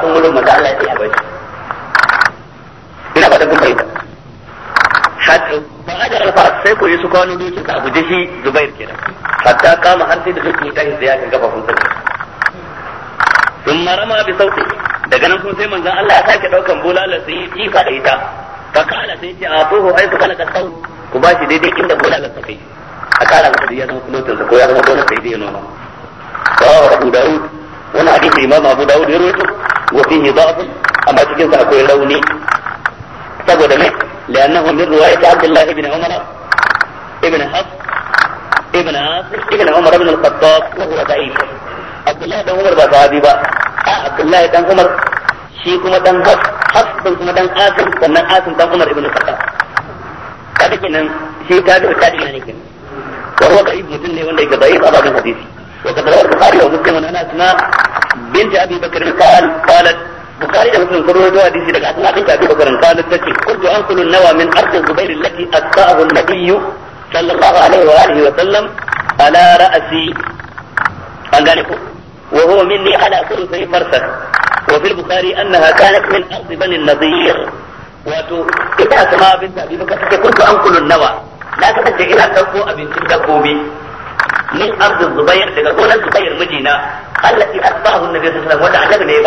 sun wurin maza Allah ya bai ina kuma ita fahimta ba ga alfa sai ko su kwano dokin ka guje shi Zubair kenan hatta kama har sai da dokin ta yi ziyara kan gafafun sa sun marama bi sauti daga nan sun sai manzon Allah ya sake daukan bulalar sai yi jifa da ita fa kala sai ce a tuhu ai kala ka sau ku ba shi daidai inda bola ka kai a kala masa da ya zama kulotin sa ko ya zama bola sai zai noma rawahu abu daud wannan hadisi imam abu daud ya rawaito wa fihi da'fun amma cikin sa akwai rauni saboda me لأنه من رواية عبد الله بن عمر ابن ابن عاصم ابن عمر بن الخطاب وهو ضعيف عبد الله بن عمر بن صحابي عبد الله بن عمر shi kuma dan haf haf din kuma dan asim sannan asim dan umar ibn khattab kada kenan shi ta da ta dina ne kenan wa huwa da mutum ne wanda yake da'if a babin hadisi wa kadar wa bukhari wa muslim an asma bint abi bakr qal qalat bukhari da muslim sun rawaito hadisi daga asma bint abi bakr qalat tace kuntu anqulu nawa min ardi zubair allati asqahu an-nabiy sallallahu alaihi wa alihi wa sallam ala ra'si an gane ko wa huwa minni ala kulli farsakh وفي البخاري أنها كانت من أرض بني النظير wato ita a sama abin tabi baka take kuntu an kulun nawa na kasance ina ɗauko abincin dabbobi min abdu zubair daga gonar zubair mijina allati asbahu annabi sallallahu alaihi ne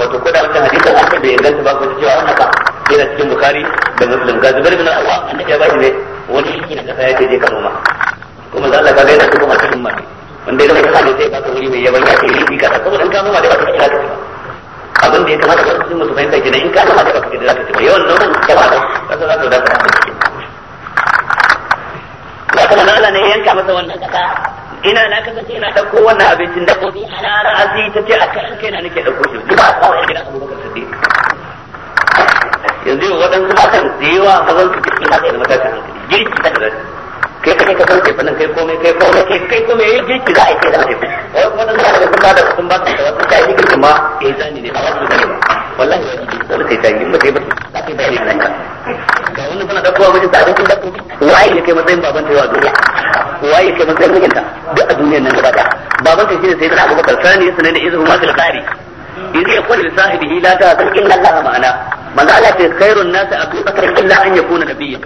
wato ko da wannan hadisin aka bai inganta ba ko cewa wannan ba yana cikin bukhari da muslim ga zubair bin awwa annabi ya bace ne wani shi ne kasa ya je ka ma kuma Allah ka ga yana cikin cikin mai wanda ya zama kasa zai baka wuri mai yawan yake yi ka da baka kira abin da ya kamata ka cikin musu fahimta kenan in ka noma da baka kira ci yawan da ba ka san za ka ka ba kuma na Allah ne yanka masa wannan ina na kasance ina dauko wannan abincin da kofi ala tace a kan kaina nake dauko shi duk ba kawai gidan Abubakar Siddiq yanzu waɗansu matan da yawa ba zan su da hankali girki ta da kai kai ka san kai kai komai kai komai kai kai komai yayi eh, girki za a ce eh, da eh, ne wai kuma da sun ba da sun ba da wata ta yi ma yayi zani ne ba wasu ne wallahi wajibi dole kai tayi in ba ba za ka yi bayani nan ga wannan tana da kowa wajen da abin da waye ya kai matsayin baban ta yawa duniya waye ya kai matsayin mijinta duk a duniyar nan gaba daya baban ta shine sai da Abu Bakar sani sunan da izu ma fil qari idh yaqul li sahibihi la ta'tal inna Allah ma'ana manzo Allah ce khairun nasi abubakar illa an yakuna nabiyya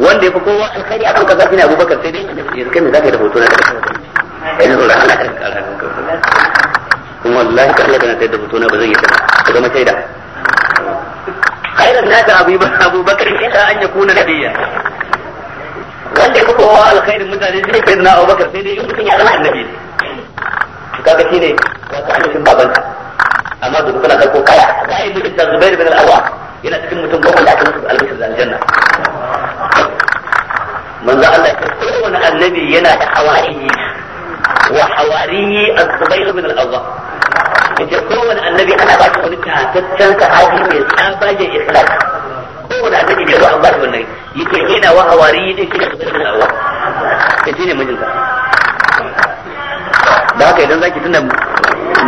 wanda yafi kowa alkhairi akan kaza shine abubakar sai dai yanzu kai me zaka yi da hoto na yanzu da Allah ka kara kuma wallahi ka Allah kana sai da hoto na ba zan yi ba ka zama shaida khairun nasi abubakar illa an yakuna nabiyya wanda yafi kowa alkhairi mutane shine kai na abubakar sai dai yanzu mutum yi zama annabi kaga shine ka wato annabin babansa amma da kuna da ko kaya kaya bin yana cikin mutum da aka albishir da aljanna manzo Allah ya ce annabi yana da hawariyi wa hawariyi az bin yace kowane annabi ana ba shi wani tataccen sahabi mai tsabagen kowane annabi ne ba shi wannan yana wa hawariyi din shi da bin yace ne mijinsa da haka idan zaki tuna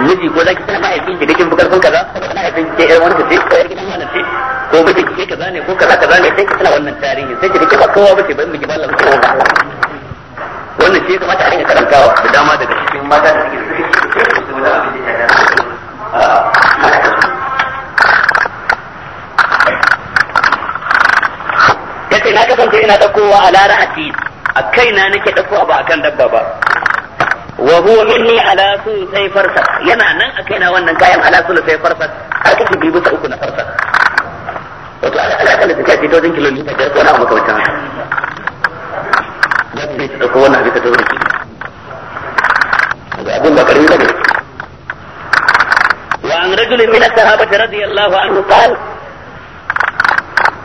miji ko zaki tana mahaifin ki kin bukar kun kaza mahaifin ki yar wani kace ko yar gidan wani ce ko miji ke kaza ne ko kaza kaza ne sai ki tana wannan tarihi sai ki dake ba kowa bace ban miji mallam ko Allah wannan shi kamata a dinga karantawa da dama daga cikin mata da suke suke da abin da ya ya ce na kasance ina dakowa a lara a kai na nake dako abu kan dabba ba وهو مني على ثلثي فرسخ ينا نن اكينا وانا كايم على ثلثي فرسخ هل كنت بيبو سأكو نفرسخ على كل ذكاة في كيلو لنسا وانا عمك وانا حبيت دوزين كيلو وابون بكرين لك وعن رجل من الصحابة رضي الله عنه قال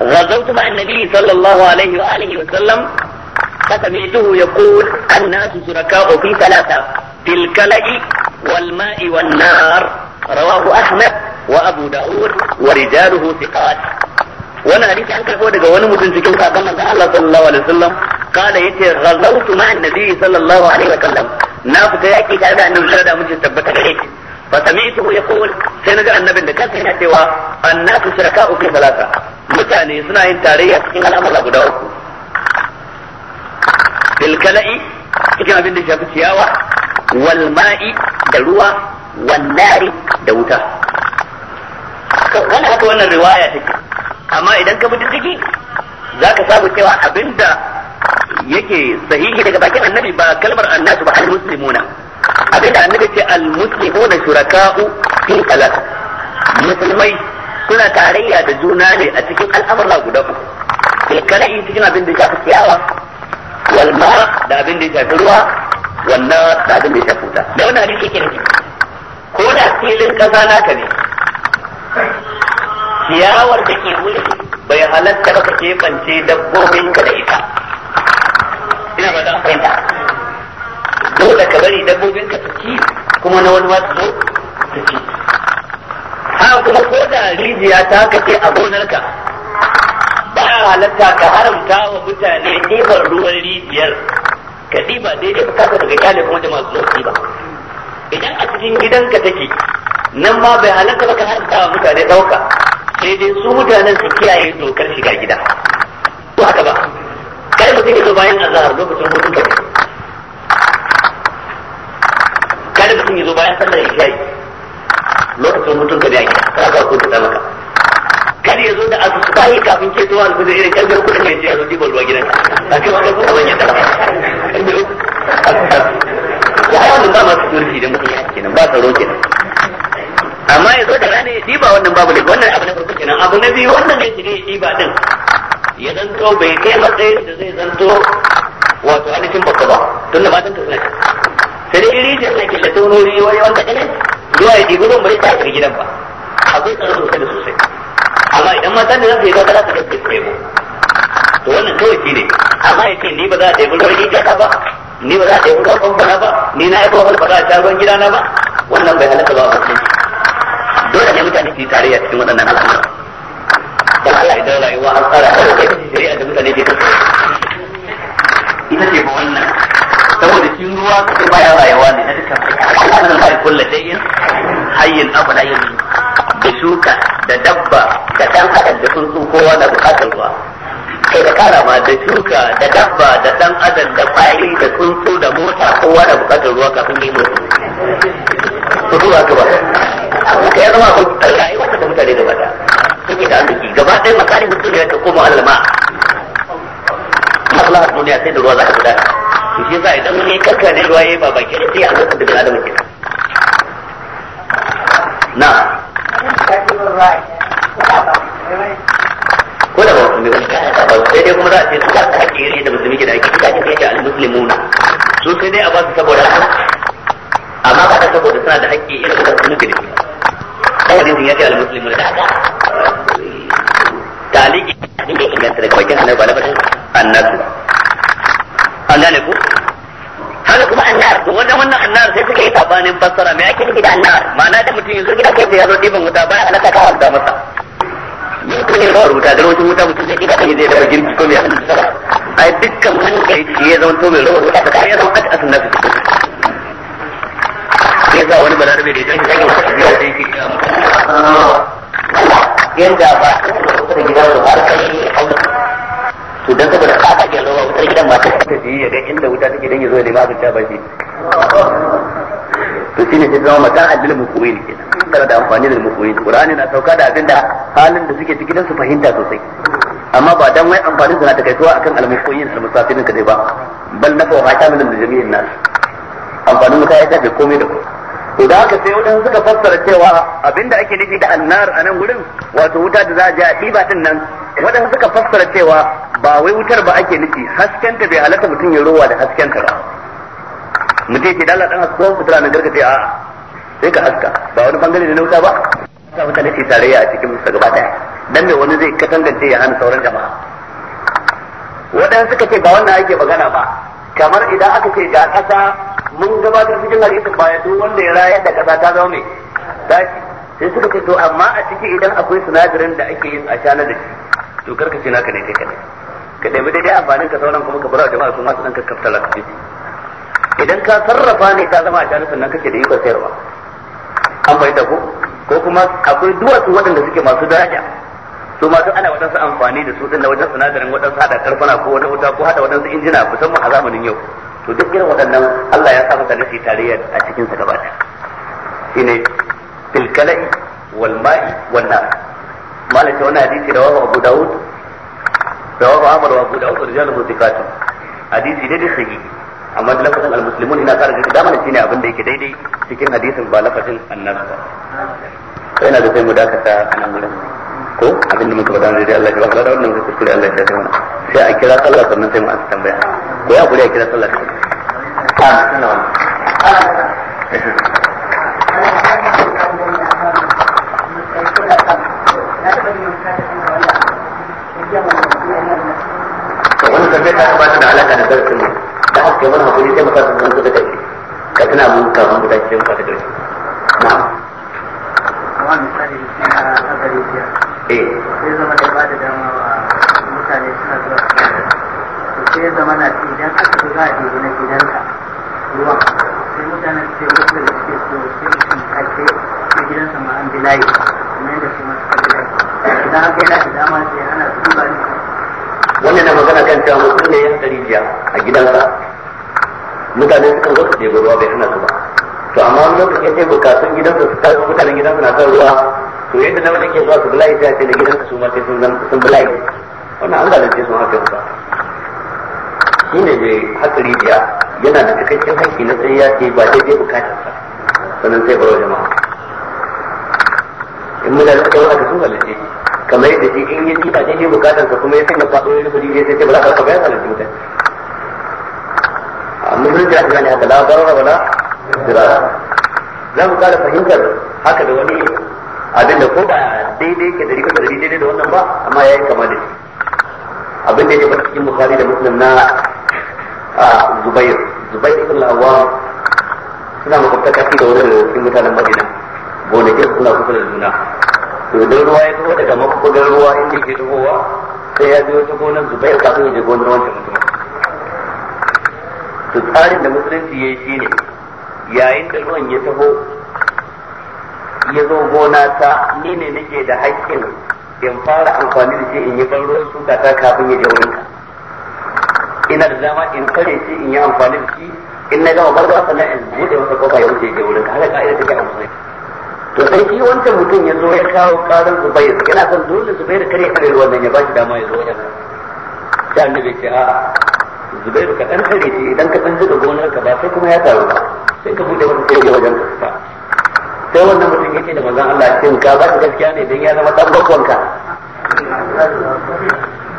غزوت مع النبي صلى الله عليه وآله وسلم فسمعته يقول الناس شركاء في ثلاثة في الكلأ والماء والنار رواه أحمد وأبو داود ورجاله ثقات وانا ريت عن كفوة وانا متنسكين فأقام الله صلى الله عليه وسلم قال يتي غلوت مع النبي صلى الله عليه وسلم نافت يأكي تابع أنه شرد أمجد تبت الحيث فسمعته يقول سنجر النبي اللي كان سيناتي الناس شركاء في ثلاثة متاني صنعين تاريخ إن الأمر أبو داود bil kala'i cikin abin da shafi ciyawa wal ma'i da ruwa wan nari da wuta wannan haka wannan riwaya take amma idan ka bi Za ka samu cewa abinda yake sahihi daga bakin annabi ba kalmar annasu ba al-muslimuna abinda annabi ce al-muslimuna shuraka'u fi salat musulmai suna tarayya da juna ne a cikin al'amura guda uku kalai cikin abin da ya fi ciyawa wal ma da abin da ya shafi ruwa wannan da abin da ya shafi wuta da wannan hadisi yake ko da filin kasa naka ne ciyawar da ke wuri bai halatta ba ka kebance dabbobin ka da ita ina ba za a fahimta dole ka bari dabbobin ka su ci kuma na wani wasu su ci ha kuma ko da rijiya ta kace a gonarka halatta ka haramta wa mutane ɗiban ruwan rijiyar ka ɗiba daidai ka daga kyale kuma da masu zuwa ba idan a cikin gidanka take nan ma bai halatta ba ka haramta wa mutane ɗauka sai dai su mutanen su kiyaye dokar shiga gida ko haka ba kai mutum ya zo bayan azhar zo bai kai matsayin da zai zanto wato ainihin babba ba tun da matan ta sai dai iri na ke shata wani wani wanda ne zuwa ya dibi ruwan bai ta gidan ba akwai tsaro sosai da sosai amma idan matan da za su yi gaba za su gaske krebo to wannan kawai shi ne amma ya ce ni ba za a ɗaya wani rijiyata ba ni ba za a ɗaya wani kwamfana ba ni na yi kwamfana ba za a sha ruwan gidana ba wannan bai halatta ba a wasu dole ne mutane su yi tarayya cikin waɗannan al'amuran dan Allah idan rayuwa an tsara ta kai shari'a da mutane ke ita ce ba wannan saboda cikin ruwa kace bayan rayuwa ne na dukkan ana ba kullu dayin hayyin da yin da shuka da dabba da dan adam da tsuntsu kowa na bukatar ruwa kai da kara ma da shuka da dabba da dan adam da kwari da tsuntsu da mota kowa na bukatar ruwa kafin yi mutu su ruwa ka ba ka ya zama rayuwa ta mutane da mata yake da arziki gaba ɗaya makarin ta koma duniya sai da ruwa za ta gudana to shi idan wani karka ne ruwa sai a zaka ke na ko da ba ne sai dai kuma za a ce su ka haƙƙi iri da musulmi ke da ake ce su sai dai a ba su saboda amma ba saboda suna da haƙƙi irin da da ai hadisin ya ce al-muslimu da haka taliki inda inganta daga bakin annabi ba na annabi an gane ku haka kuma annar to wannan wannan annar sai suka yi sabanin fassara me ake nufi da annar ma'ana da mutum yanzu gida kai da yazo diban wuta ba ana ta kawo da masa mutum ne ba rubuta da rubutun wuta mutum sai gida kai zai da girki ko me ai dukkan wani kai ya zama to mai rubuta ta ya zama a asin nasu ya za wani balarabe da ya tashi zagin kuɗi biya da yake yanda ba da gida da ba ta shi to dan saboda ka ta ke lawa wutar gidan mata ta da ji ya ga inda wuta take dan ya zo ya nemi abin ta ba shi to shine sai zama mata alil muqawin kenan tare da amfani da muqawin qur'ani na sauka da abinda halin da suke cikin su fahimta sosai amma ba dan wai amfanin su na takaitowa akan almuqawin almusafirin kadai ba bal nafa wa ta min jami'in nas amfanin wuta ya shafe komai da komai to da haka sai wadanda suka fassara cewa abinda ake nufi da annar a nan wurin wato wuta da za a je a ɗiba din nan wadanda suka fassara cewa ba wai wutar ba ake nufi haskenta bai halatta mutum ya rowa da haskenta ba mutum ke dala dan hasken fitar na gargaje a sai ka haska ba wani bangare da na wuta ba ta ne ce tarayya a cikin musa gaba ɗaya dan me wani zai katangance ya hana sauran jama'a wadanda suka ce ba wannan ake magana ba kamar idan aka ce ga ƙasa mun gabatar cikin hadisin baya duk wanda ya rayar da ƙasa ta zaune daki sai suka ce to amma a ciki idan akwai sinadarin da ake yin ashana da shi to karka ce naka ne kai kadai ka dai daidai amfanin ka sauran kuma ka bar jama'a su ma ka dan kakkafta lafiya idan ka sarrafa ne ta zama a ashana sannan kake da ikon sayarwa an fahimta ko ko kuma akwai duwatsu waɗanda suke masu daraja su ma duk ana waɗansu amfani da su din na wajen sinadarin waɗansu haɗa karfana ko wata wuta ko haɗa waɗansu injina musamman a zamanin yau to duk irin waɗannan Allah ya sa mutane su tarayya a cikin sa gaba ɗaya shine tilkalai wal ma'i wal na malaka wannan hadisi da wabu Abu Dawud da wabu Ahmad wa Abu Dawud rijaluhu thiqatu hadisi da da sahihi amma da lafazin al-muslimun ina kara gaske dama shine abin da yake daidai cikin hadisin ba lafazin annabi ba sai na da sai mu dakata a nan gurin ko muka faɗa Allah ya da wannan kuskure Allah ya sai a kira sallah sannan sai mu an tambaya ko ya kuri a kira sallah ah, sai eh sai zama da ba da dama wa mutane suna zuwa to sai ya zama na ce idan aka zuwa za a dubi na gidanka ruwa sai mutane su ce wasu da suke so sai mutum ka ce sai gidansa ma an bi layi. kuma yadda shi masu kan bilayi idan haka yana da dama sai ana su duba ne wannan na magana kan cewa mutum ne ya tsari jiya a gidansa mutane sukan zo su ɗebi ruwa bai hana su ba to amma lokacin ɗebi kasan gidansa su mutanen gidansa na kan ruwa to yadda na wani ke zuwa su bala'i sai a ce da gidan su ma sai sun zama sun bala'i wannan an zalunce su haka ba shi ne mai hakari biya yana da cikakken haƙƙi na sai ya ce ba daidai bukatar sa sannan sai baro jama'a in muna da kawai aka sun zalunce kamar yadda shi in ya ji ba daidai bukatar sa kuma ya sanya kwaɗo ya rufe daidai sai ce ba za ka rasa bayan zalunce mutane amma mun ji aka gane haka la barara wala zira za mu kara fahimtar haka da wani abin da ko ba daidai ke dari kuma dari daidai da wannan ba amma yayi kama da shi abin da yake ba cikin bukhari da muslim na zubair zubair ibn al-awwam suna makwabtaka kafi da wannan daga cikin mutanen madina ke suna kusa da juna to da ruwa ya taho daga makwabtar ruwa inda ke dubowa sai ya zo ta gonar zubair kafin ya je gonar wancan mutum to tsarin da musulunci ya yi shine yayin da ruwan ya taho ya zo gona ta ni ne nake da haƙƙin in fara amfani da shi in yi ban ruwan shuka ta kafin ya je wurinka ina da dama in kare shi in yi amfani da shi in na gama barba sana in buɗe masa kofa ya wuce ya je wurinka haka ka'ida take amfani to sai shi wancan mutum ya zo ya kawo karin zubair yana son dole da kare kare wannan ya shi dama ya zo ya sai annabi ce a zubai ka dan kare shi idan ka ɗan zuga gonar ka ba sai kuma ya taru ba sai ka buɗe wata sai wajen ka sai wannan saurayi yake da manzon Allah shin ka ba shi gaskiya ne dan ya zama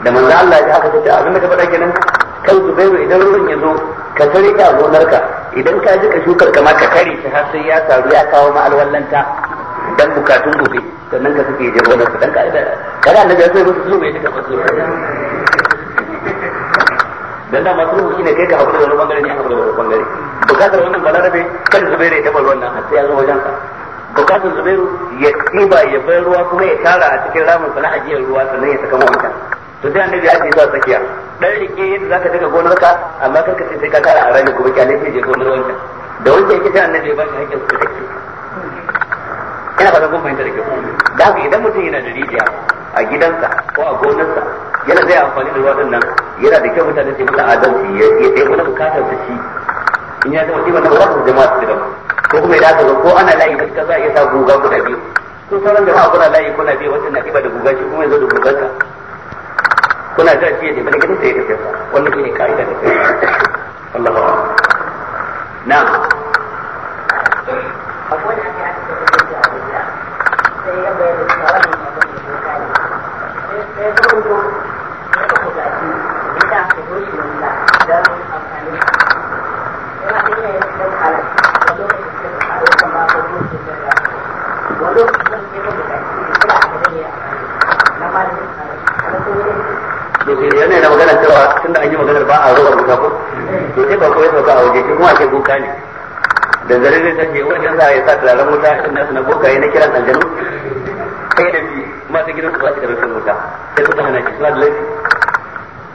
da manzon Allah ya haka tace abin da ka faɗa kenan kan idan ruwan ya zo ka tare ka gonarka idan ka ji ka shukar ka ma ka kare shi har sai ya taru ya kawo ma alwallanta dan bukatun gobe sannan ka suke je dan ka da kada annabi ya musu dan da masu ruhu shine kai ka da wani bangare ne da bangare bukatar wannan balarabe kan wannan har sai ya zo wajen bukatun zubairu ya kiba ya bar ruwa kuma ya tara a cikin ramin sa na ajiyar ruwa sannan ya saka wancan to sai annabi ya ce zuwa tsakiya dan rike yadda zaka daga gonar ka amma kanka ce sai ka tara a rami kuma kyale sai je gonar wancan da wancan yake sai annabi ya ba shi hakkin su take ina ba da kun fahimta da kyau da haka idan mutum yana da rijiya a gidansa ko a gonarsa yana zai amfani da ruwa din nan yana da kyau mutane su yi masa adalci ya tsaye wani bukatar su ci in ya zama ɗiban na ba za su jama'a su ci gaba ko kuma idan ka ko ana layi gaskiya za a iya sa guga guda biyu ko sauran da ba kuna layi kuna biyu wancan na kiba da guga shi kuma yanzu da ta kuna jira shi ya je bane gidan sai ya tafi wannan shine kai da kai Allah ba na yana da magana cewa tun da an yi maganar ba a rawar wuta ko to sai ba ko ya sauka a waje kuma boka ne da zare yi sa ta boka kiran aljanu kai da bi ta gidan su ba da rufin wuta sai su hana shi suna da laifi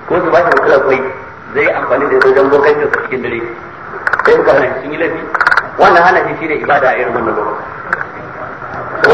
ko su ba shi zai amfani da wajen bokan shi cikin dare sai su hana shi sun yi laifi wannan hana shi shi ne ibada a irin wannan lokaci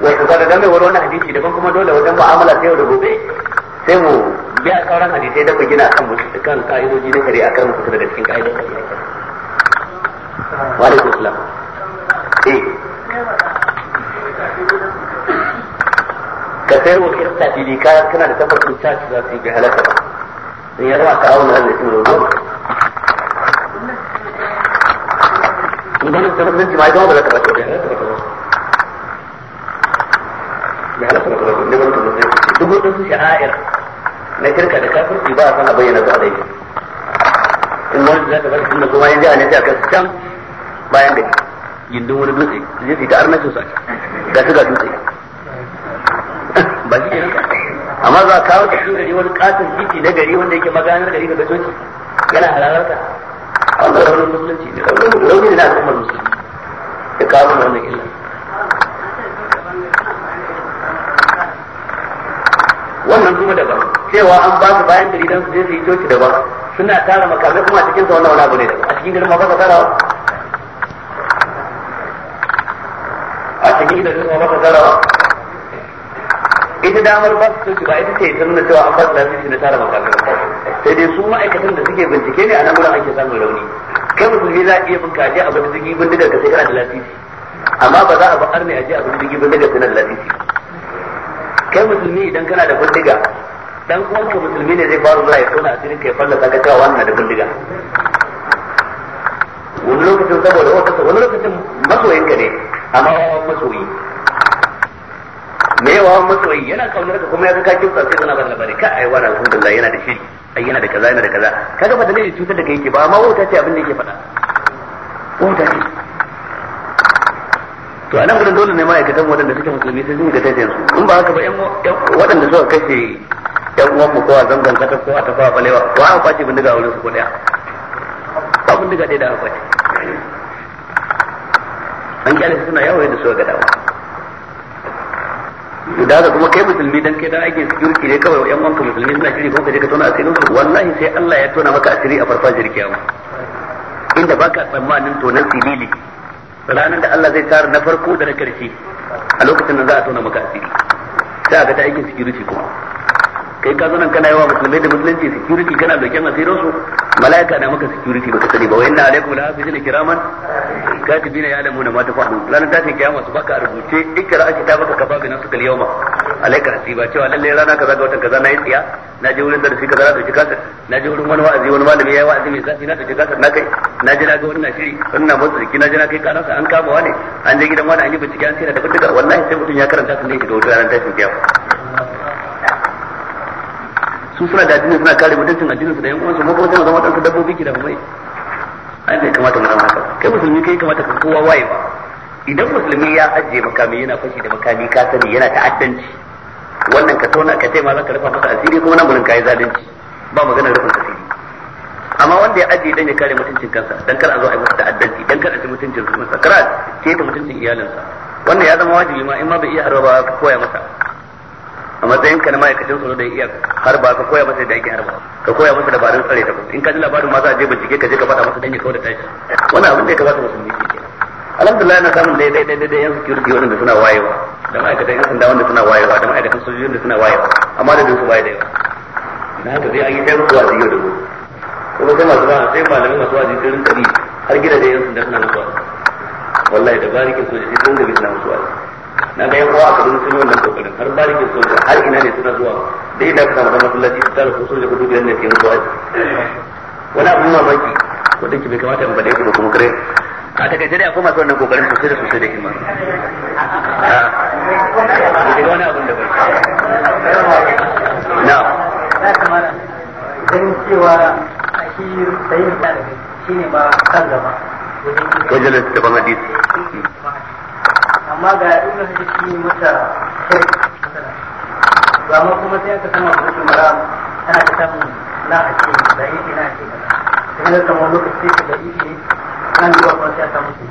wato kaga dan mai wannan hadisi daban kuma dole wajen mu'amala sai da gobe sai mu biya sauran hadisi da ku gina kan mu kan ka'idoji na kare akan mu daga cikin ka'idar wa alaikum salam eh ka sai wa kirta fili ka kana da tabbacin caci za su bi halaka ba in ya zama ka auna arzikin rogo in gwamnati ta mutunci ma ba za ka ba ta sha'air na kirka da kafirci ba a sana bayyana su a laifi in wani za ka zaka sunna kuma yan ji a ne sai a can bayan da gindin wani dutse zai fi ta arnashin su a can su ga dutse ba shi ke amma za a kawo ka shi gari wani katin jiki na gari wanda yake maganar gari ga gajoci yana halalarka wannan raunin musulunci ne raunin na al'ummar musulunci cewa an ba su bayan gari su je su yi coci daban suna tara makamai kuma a cikin sa wannan wani abu ne daban a cikin girma ma ba ka tarawa a cikin garin ba ka tarawa ita damar ba su coci ba ita ce ta nuna cewa an ba su lafi lafiya na tara makamai sai dai su ma'aikatan da suke bincike ne a nan wurin ake samun rauni kai musulmi za a iya bin kaje a bin jirgi bin digar ka sai kana da lafi amma ba za a ba arne a je a bin jirgi bin digar sai na da lafi kai musulmi idan kana da bindiga dan ka musulmi ne zai faru zuwa ya tona asirin kai fallasa ka kawo wannan da bindiga wani lokacin saboda wata wani lokacin ka ne amma wawan masoyi me yawa masoyi yana kaunar ka kuma ya ga kakin sa sai kana bar labari ka ai wannan alhamdulillah yana da shiri ai yana da kaza yana da kaza kaga ba dalilin cutar da kai yake ba amma wauta ce abin da yake faɗa wauta ce to anan gurin dole ne ma'aikatan waɗanda suke musulmi sai sun ga tafiyan su in ba haka ba yan waɗanda suka kashe yan uwan mu ko a zangon kata ko a tafa balewa ko a kwace bindiga wurin su ko daya ba bindiga dai da aka kwace an kyale suna yawo yadda su ga dawa da ga kuma kai musulmi dan kai dan aikin security ne kawai yan ka musulmi suna shiri ko ka je ka tona asirin su wallahi sai Allah ya tona maka asiri a farfajiyar kiyama inda baka tsammanin tonan sibili ranar da Allah zai tsara na farko da na karshe a lokacin da za a tona maka asiri sai a ga ta aikin security kuma kai ka zanan kana yawa musulmai da musulunci security kana dokin asirin su malaika na maka security ka sani ba wa inna alaikum la hafizina kiraman katibina ya'lamuna ma tafa'alun ranar tashin kiyama su baka a rubuce ikra ka kafa bi nafsika kal yawma alaika hasiba cewa lalle rana kaza ga watan kaza na yi tsiya na je wurin darasi kaza na dauki kasar na je wurin wani wa'azi wani malami yayi wa'azi mai zafi na dauki kasar na kai na je na ga wani na shiri wani na motsa jiki na je na kai kanansa an kama wani an je gidan wani an yi bincike an sai da tabbata wallahi sai mutum ya karanta su ne shiga wutar ranar tashin kiyama su suna da addini suna kare mutuncin addinin su da yan uwansu mu kuma sai mu zama ɗansu dabbobi ki da mu mai ai bai kamata mu zama haka kai musulmi kai kamata ka kowa waye ba idan musulmi ya ajiye makami yana fashi da makami ka sani yana ta'addanci wannan ka tauna ka ce ma za ka rufa masa asiri kuma nan gurin ka yi zalunci ba maganar rufin asiri amma wanda ya ajiye dan ya kare mutuncin kansa dan kar a zo a yi masa ta'addanci dan kar a ci mutuncin kansa kar a ce ta mutuncin iyalinsa wannan ya zama wajibi ma in ma bai iya harba ba ka koya masa a matsayin ka na ma'aikacin tsaro da iya harba ka koya masa da yake harba ka koya masa dabarun tsare ta in ka ji labarin ma za a je bincike ka je ka faɗa masa dan ya kawo da tashi wannan abin da ya kamata musulmi ke kenan alhamdulillah na samun dai dai dai yan security wanda suna wayewa da ma'aikatan yan sanda wanda suna wayewa da ma'aikatan sojoji wanda suna wayewa amma da su baya da yawa na haka sai an yi taimako a yau da gobe kuma sai masu ba sai malamai masu wazi sun rinka bi har gidajen yan sanda suna mutuwa wallahi da barikin sojoji sun rinka bi suna na ga yan uwa a kaduna sun yi wannan kokarin har ba rikin soja har ina ne suna zuwa dai da kuma da masallaci su tara ko soja ko duk ne ke mutuwa wani abin mamaki ko da ke bai kamata in bade ku kuma kare a takaice dai akwai masu wannan kokarin sosai da sosai da himma a ah, ga wani abin da bai na na kamar ganin cewa shi sayin da shine ba kan gaba wajen da ban hadisi amma ga inda suke ci mata kai to amma kuma sai aka sama kuɗin maram tana ta samun na a ce da yi ina ce sai da kamar lokaci da yi yake nan zuwa kuma sai aka musu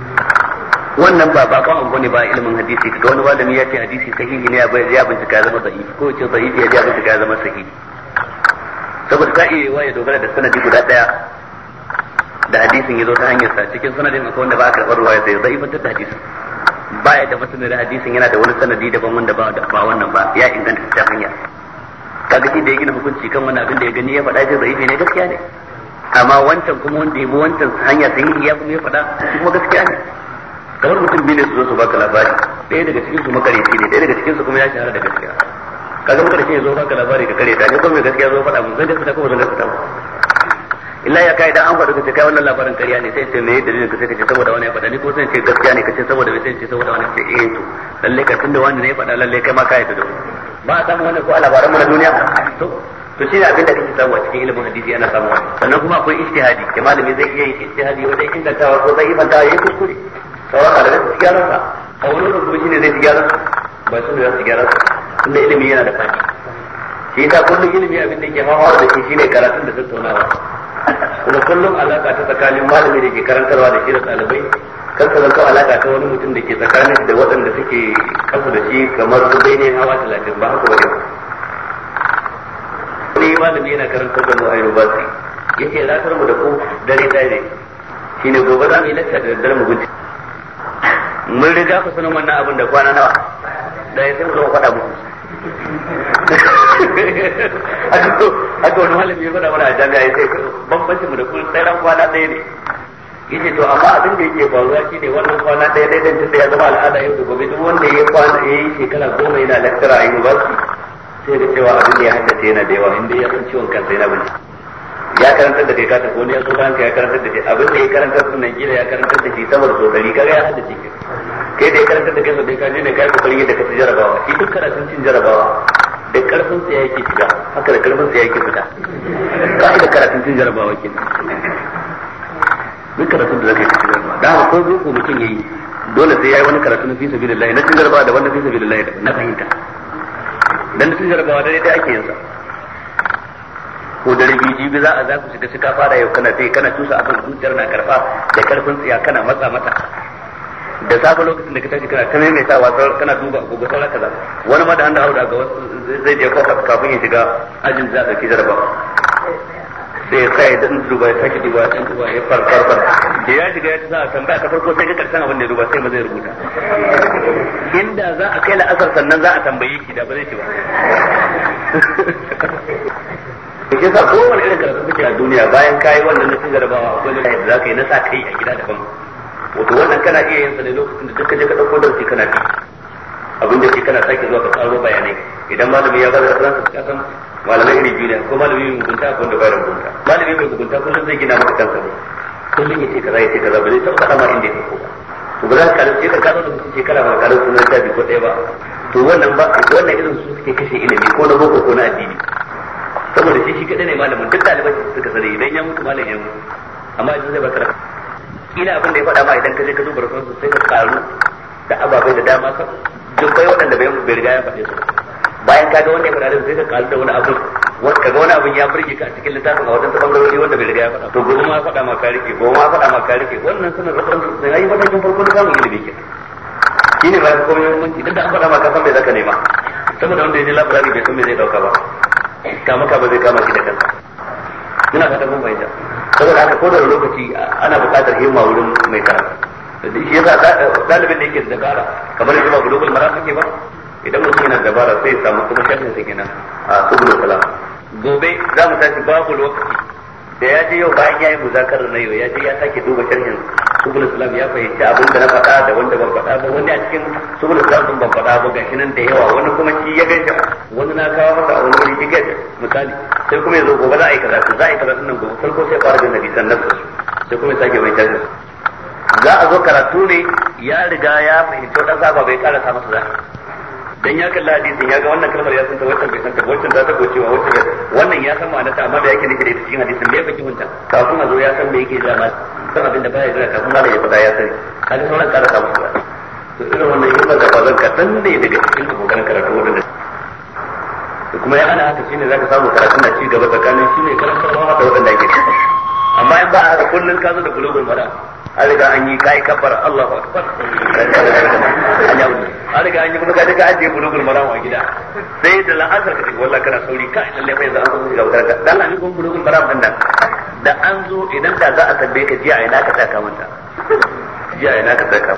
wannan ba ba kwan bane ba ilimin hadisi kaga wani malami ya ce hadisi sahihi ne ya bincika zama sahihi ko ce sahihi ya bincika zama sahihi saboda ka iya waye dogara da sanadi guda daya da hadisin ya zo ta hanyar sa cikin sanadin akwai wanda ba a karɓar ruwaya sai zai ibantar da hadisin baya da fasin da hadisin yana da wani sanadi daban wanda ba da ba wannan ba ya inganta ta hanya kaga shi da ya gina hukunci kan wannan abin da ya gani ya faɗa shi zaifi ne gaskiya ne amma wancan kuma wanda ya bi wancan hanya sai ya kuma ya faɗa shi kuma gaskiya ne kamar mutum biyu ne su zo su baka labari ɗaya daga cikin su makareci ne ɗaya daga cikin su kuma ya shahara da gaskiya kaga mutum makareci ya zo baka labari ka kare ta ne kuma mai gaskiya zo faɗa mun zan da gaskata ko ba zan gaskata ba illa ya kai idan an faɗi kace kai wannan labarin ƙarya ne sai ce me dalilin ka sai kace saboda wani ya faɗa ni ko sai ce gaskiya ne kace saboda me sai ce saboda wani ce eh to lalle ka tunda wani ne ya faɗa lalle kai ma ka yadda da ba a samu wani ko a labaran mu na duniya to to shi ne abin da kake samu a cikin ilimin hadisi ana samu wannan sannan kuma akwai ijtihadi ke malami zai iya yin ijtihadi da tawa ko zai ibanta yayin kuskure sauran malamai su gyara sa a wani rubutu shine zai gyara ba su za su gyara sa tunda ilimi yana da fadi shi ta kullum ilimi abin da ke mahawa da shi shine karatun da tattaunawa kuma kullum alaka ta tsakanin malami da ke karantarwa da shi da ɗalibai kan ka zanka alaka ta wani mutum da ke tsakanin da waɗanda suke kafa da shi kamar su bai ne hawa talatin ba haka wajen wani malami yana karantar da mu a university yake ratar mu da ku dare dare shi ne gobe za mu yi lacca da daddare mu bincike mun riga ku sanin wannan abin da kwana nawa da ya sai mu zama faɗa muku a ga wani malami ya gwada mana a jami'a ya sai bambancin mu da kun tsairan kwana ɗaya ne yace to amma abin da yake faruwa shine wannan kwana ɗaya ɗaya dan tunda ya zama al'ada yau da gobe duk wanda ya kwana ya yi shekara goma yana lecturer a university sai da cewa abin da ya haddace yana da yawa inda ya san ciwon kansa yana bin ya karanta da kai ka tafi ne ya so bayan ya karanta da kai abin da ya karantar sunan gida ya karanta da shi sama da so dari kaga ya haddace kai kai da karanta da kansa bai kaji ne kai kokari da ka jarabawa shi duk karatun cin jarabawa da karfin sa yake shiga haka da karfin sa yake fita da karatun cin jarabawa ke duk karatun da zaka yi cikin jarabawa da ko ko mutum yayi dole sai yayi wani karatu na fi sabilillah na cin jarabawa da wanda fi sabilillah da na fahimta dan cin jarabawa da dai ake yin sa ko da rabi jibi za a za ku shiga shi ka fara yau kana sai kana tusa akan zuciyar na karfa da karfin tsiya kana matsa mata da safe lokacin da ka tashi kana ta maimaita maimaitawa kana duba gobe sauran kaza wani ma da an da hauda ga zai je kofa kafin ya shiga ajin da zai ɗauki jarabawa sai ya sai dan duba ya sake duba ya duba ya far far far da ya shiga ya tsaya tambaya ta farko sai ka karshen abin da ya duba sai ma zai rubuta inda za a kai la'asar sannan za a tambaye ki da ba zai ci ba yake sa kowane irin karatu kake a duniya bayan kayi wannan na cin jarabawa akwai lokacin da za ka yi na sa kai a gida daban wato wannan kana iya yin sa ne lokacin da duk kaje ka dauko darasi kana ji abin da ke kana sake zuwa ka tsaro bayanai idan malami ya bada reference ka san malamai iri biyu ne ko malami mai mugunta ko wanda bai da mugunta malami mai mugunta kullum zai gina maka kansa ne kullum ya ce kaza ya ce kaza ba zai taɓa faɗa ma inda ya tafi ba to ba za ka karance ka karo da mutum shekara ba karo sunan tabi ko ɗaya ba to wannan ba wannan irin su suke kashe ilimi ko na boko ko na addini saboda shi shi kadai ne malamin duk ɗaliban suka sani idan ya mutu malamin ya mutu amma idan zai baka ina abin da ya faɗa ma idan ka je ka duba rasulun sai ka karu da ababai da dama ka dubbai waɗanda bai bai riga ya faɗe su bayan ka ga wannan faɗa sai ka karu da wani abu wanda ka ga wani abin ya burge ka a cikin littafin a wajen wadansu bangarori wanda bai riga ya faɗa to gobe ma faɗa ma ka rike gobe ma faɗa ma ka rike wannan sunan sanin rasulun sai yayi matakin farko da samun ilimi kenan ne ba ka komai muhimmanci idan da an faɗa ma ka san me zaka nema saboda wanda ya je labarari bai san me zai dauka ba kama ka ba zai kama shi da kansa ina fatan mun bayyana saboda haka ko da lokaci ana buƙatar himma wurin mai karatu shi yasa dalibin da yake da dabara kamar yadda ba global maram kake ba idan mutum yana dabara sai ya samu kuma shafin sa kenan a subul salam gobe za mu tashi babu lokaci da ya je yau bayan ya yi muzakarar na yau ya je ya sake duba sharhin subul islam ya fahimci abin da na faɗa da wanda ban faɗa ba wani a cikin subul islam sun ban faɗa ba gashi nan da yawa wani kuma shi ya gaishe wani na kawo masa a wani wuri shi gaishe misali sai kuma ya zo gobe za a yi kaza za a yi kaza nan gobe farko sai fara jin nabi sannan su sai kuma ya sake mai sharhin za a zo karatu ne ya riga ya fahimci wadansa ba bai karasa masa zahiri dan ya kalla hadisin ya ga wannan kalmar ya san ta wannan bai san ta wannan za ta goce wa wannan wannan ya san ma'anarta amma da yake nufi da cikin hadisin me fake hunta kafin a zo ya san me yake da ma san abin da baya jira kafin malam ya faɗa ya sani kaga sauran ƙara samu ba to irin wannan yin da ba zan kaɗan ne daga cikin abokan karatu wannan da kuma ya ana haka shine zaka samu karatu na ci gaba tsakanin shi mai karantarwa da wadanda ke amma in ba a haka kullun ka zo da gulubul mara an riga an yi kai kabbar Allahu akbar an yi an riga an yi kuma kaje ka ajiye bulugul maram a gida sai da la'azar ka shiga wallahi kana sauri kai lalle fa yanzu an zo shiga wutar da Allah ni kuma bulugul maram din nan da an zo idan da za a tambaye ka jiya ina ka saka manta jiya ina ka taka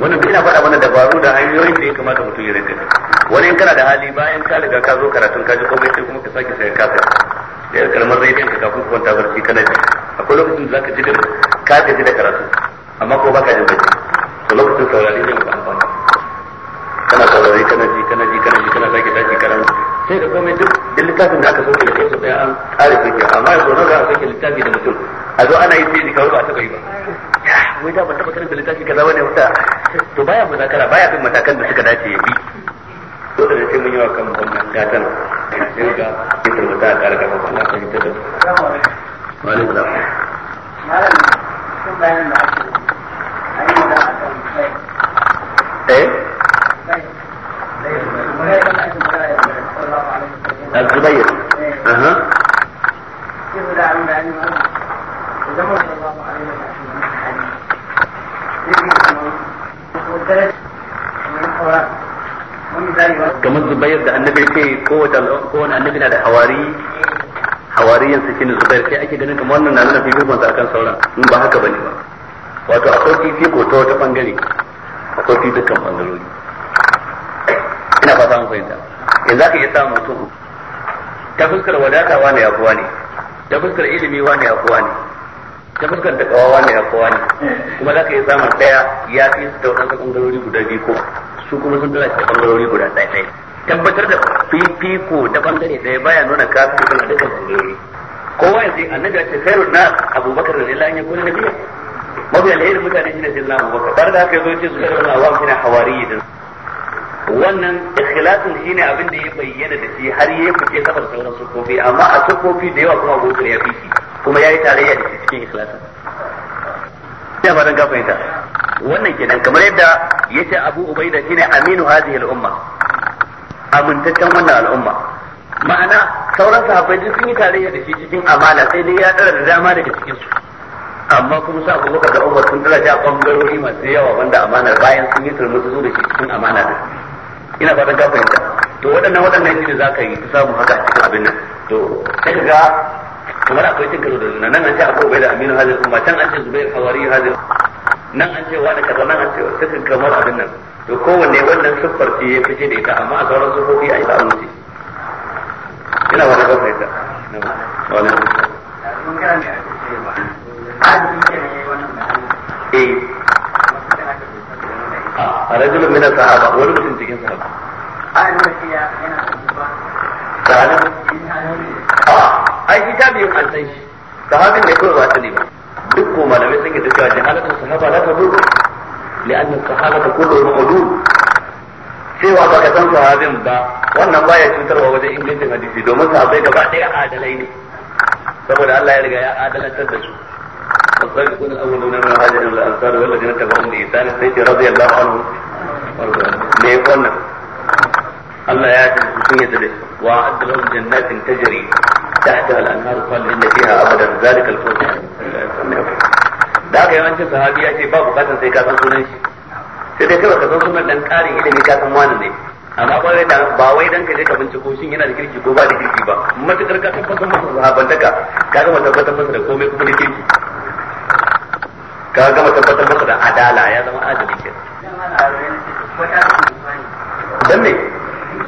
wannan bai na faɗa mana dabaru da hanyoyin da ya kamata mutum ya rinka wani in kana da hali bayan ka riga ka zo karatun ka ji komai sai kuma ka sake ya kafin da kalmar rediyon ka kafin kwanta barci kana ji akwai lokacin da zaka ji da ka ji da karatu amma ko baka jin barci to lokacin saurari zai ka amfani sake tashi karanta sai da komai duk duk littafin da aka soke da kai sai ɗaya an ƙare sauke amma yanzu na za a sauke littafi da mutum a zo ana yi sai jika ba a taɓa yi ba wai da ban taɓa karanta littafi kaza wani wata to baya muzakara baya bin matakan da suka dace ya bi to da sai mun yi wa kan wannan gatan sai ga yin mata a ƙara ƙarfafa na fahimta da Wa alaikum salam. Malam, sun bayan da ake yi, an yi magana a kan Eh? الزبير أها kamar zubair da annabi ce kowace kowane annabi na da hawari hawariyan su shine zubair sai ake ganin kamar wannan na nuna fifikon sa akan sauran in ba haka bane ba wato akwai fifiko ta wata bangare akwai fifikon bangarori ina fata mun fahimta yanzu aka iya samun mutum ta fuskar wadata wani ne kowa ne ta fuskar ilimi wani ne kowa ne ta fuskar da kawawa ne kowa ne kuma za ka yi samun daya ya fi su ta waɗansu ɓangarori guda biyu ko su kuma sun dala ta ɓangarori guda ɗaya ɗaya tabbatar da fifiko da ɓangare ɗaya baya nuna ka fi kuma dukkan ɓangarori kowa yanzu annabi ya ce khairun na abubakar radiyallahu anhu na biya mafi alheri mutane sai sayyidina abubakar tare da haka zo ce su khairun awam shine hawariyyin wannan ikhlasin shine abin da ya bayyana da shi har ya fice kafar sauran sukofi amma a sukofi da yawa kuma abubakar ya fi kuma ya yi tarayya da shi cikin ikhlasin ba fatan ka fahimta wannan kenan kamar yadda yace Abu Ubaida shine aminu hadhihi al-umma amintaccen wannan al'umma ma'ana sauran sahabbai duk sun yi tarayya da shi cikin amana sai dai ya dara da dama daga cikin su amma kuma sa Abubakar da Umar sun dara a bangarori masu yawa wanda amanar bayan sun yi turmutu da shi cikin amana su. ina fatan ka fahimta to waɗannan waɗannan shi za ka yi ta samu haka a cikin abin nan to sai ka ga kamar akwai cin karo da zuna nan an ce akwai bai da aminu hazir kuma can an ce zubai hawari hazir nan an ce wani kaza nan an ce cikin kamar abin nan to kowanne wannan siffar ce ya fice da ita amma a sauran sufofi a yi ta amince ina fatan ka fahimta. Wa alaikum رجل من الصحابة wani mutum cikin sahaba ai ita biyu صحابة يكون shi sahabin ne kawai ba baka san sahabin ba wannan baya cutarwa wajen ingancin hadisi domin sahabbai gaba ɗaya adalai ne saboda ya riga ya adalantar da su الأولون من المهاجرين والأنصار والذين تبعهم رضي الله me wannan Allah ya ce sun yi dare wa adalahum jannatin tajri tahta al-anhar khalidina fiha abadan zalikal da aka yawancin sahabi ya ce ba bukatar sai ka san sunan shi sai dai kawai ka san sunan dan karin ilimi ka wani ne amma ba wai ba wai dan ka je ka binciko shin yana da kirki ko ba da kirki ba matukar ka tabbatar masa sahabantaka ka gama tabbatar masa da komai kuma da kirki ka gama tabbatar masa da adala ya zama adali kenan dan me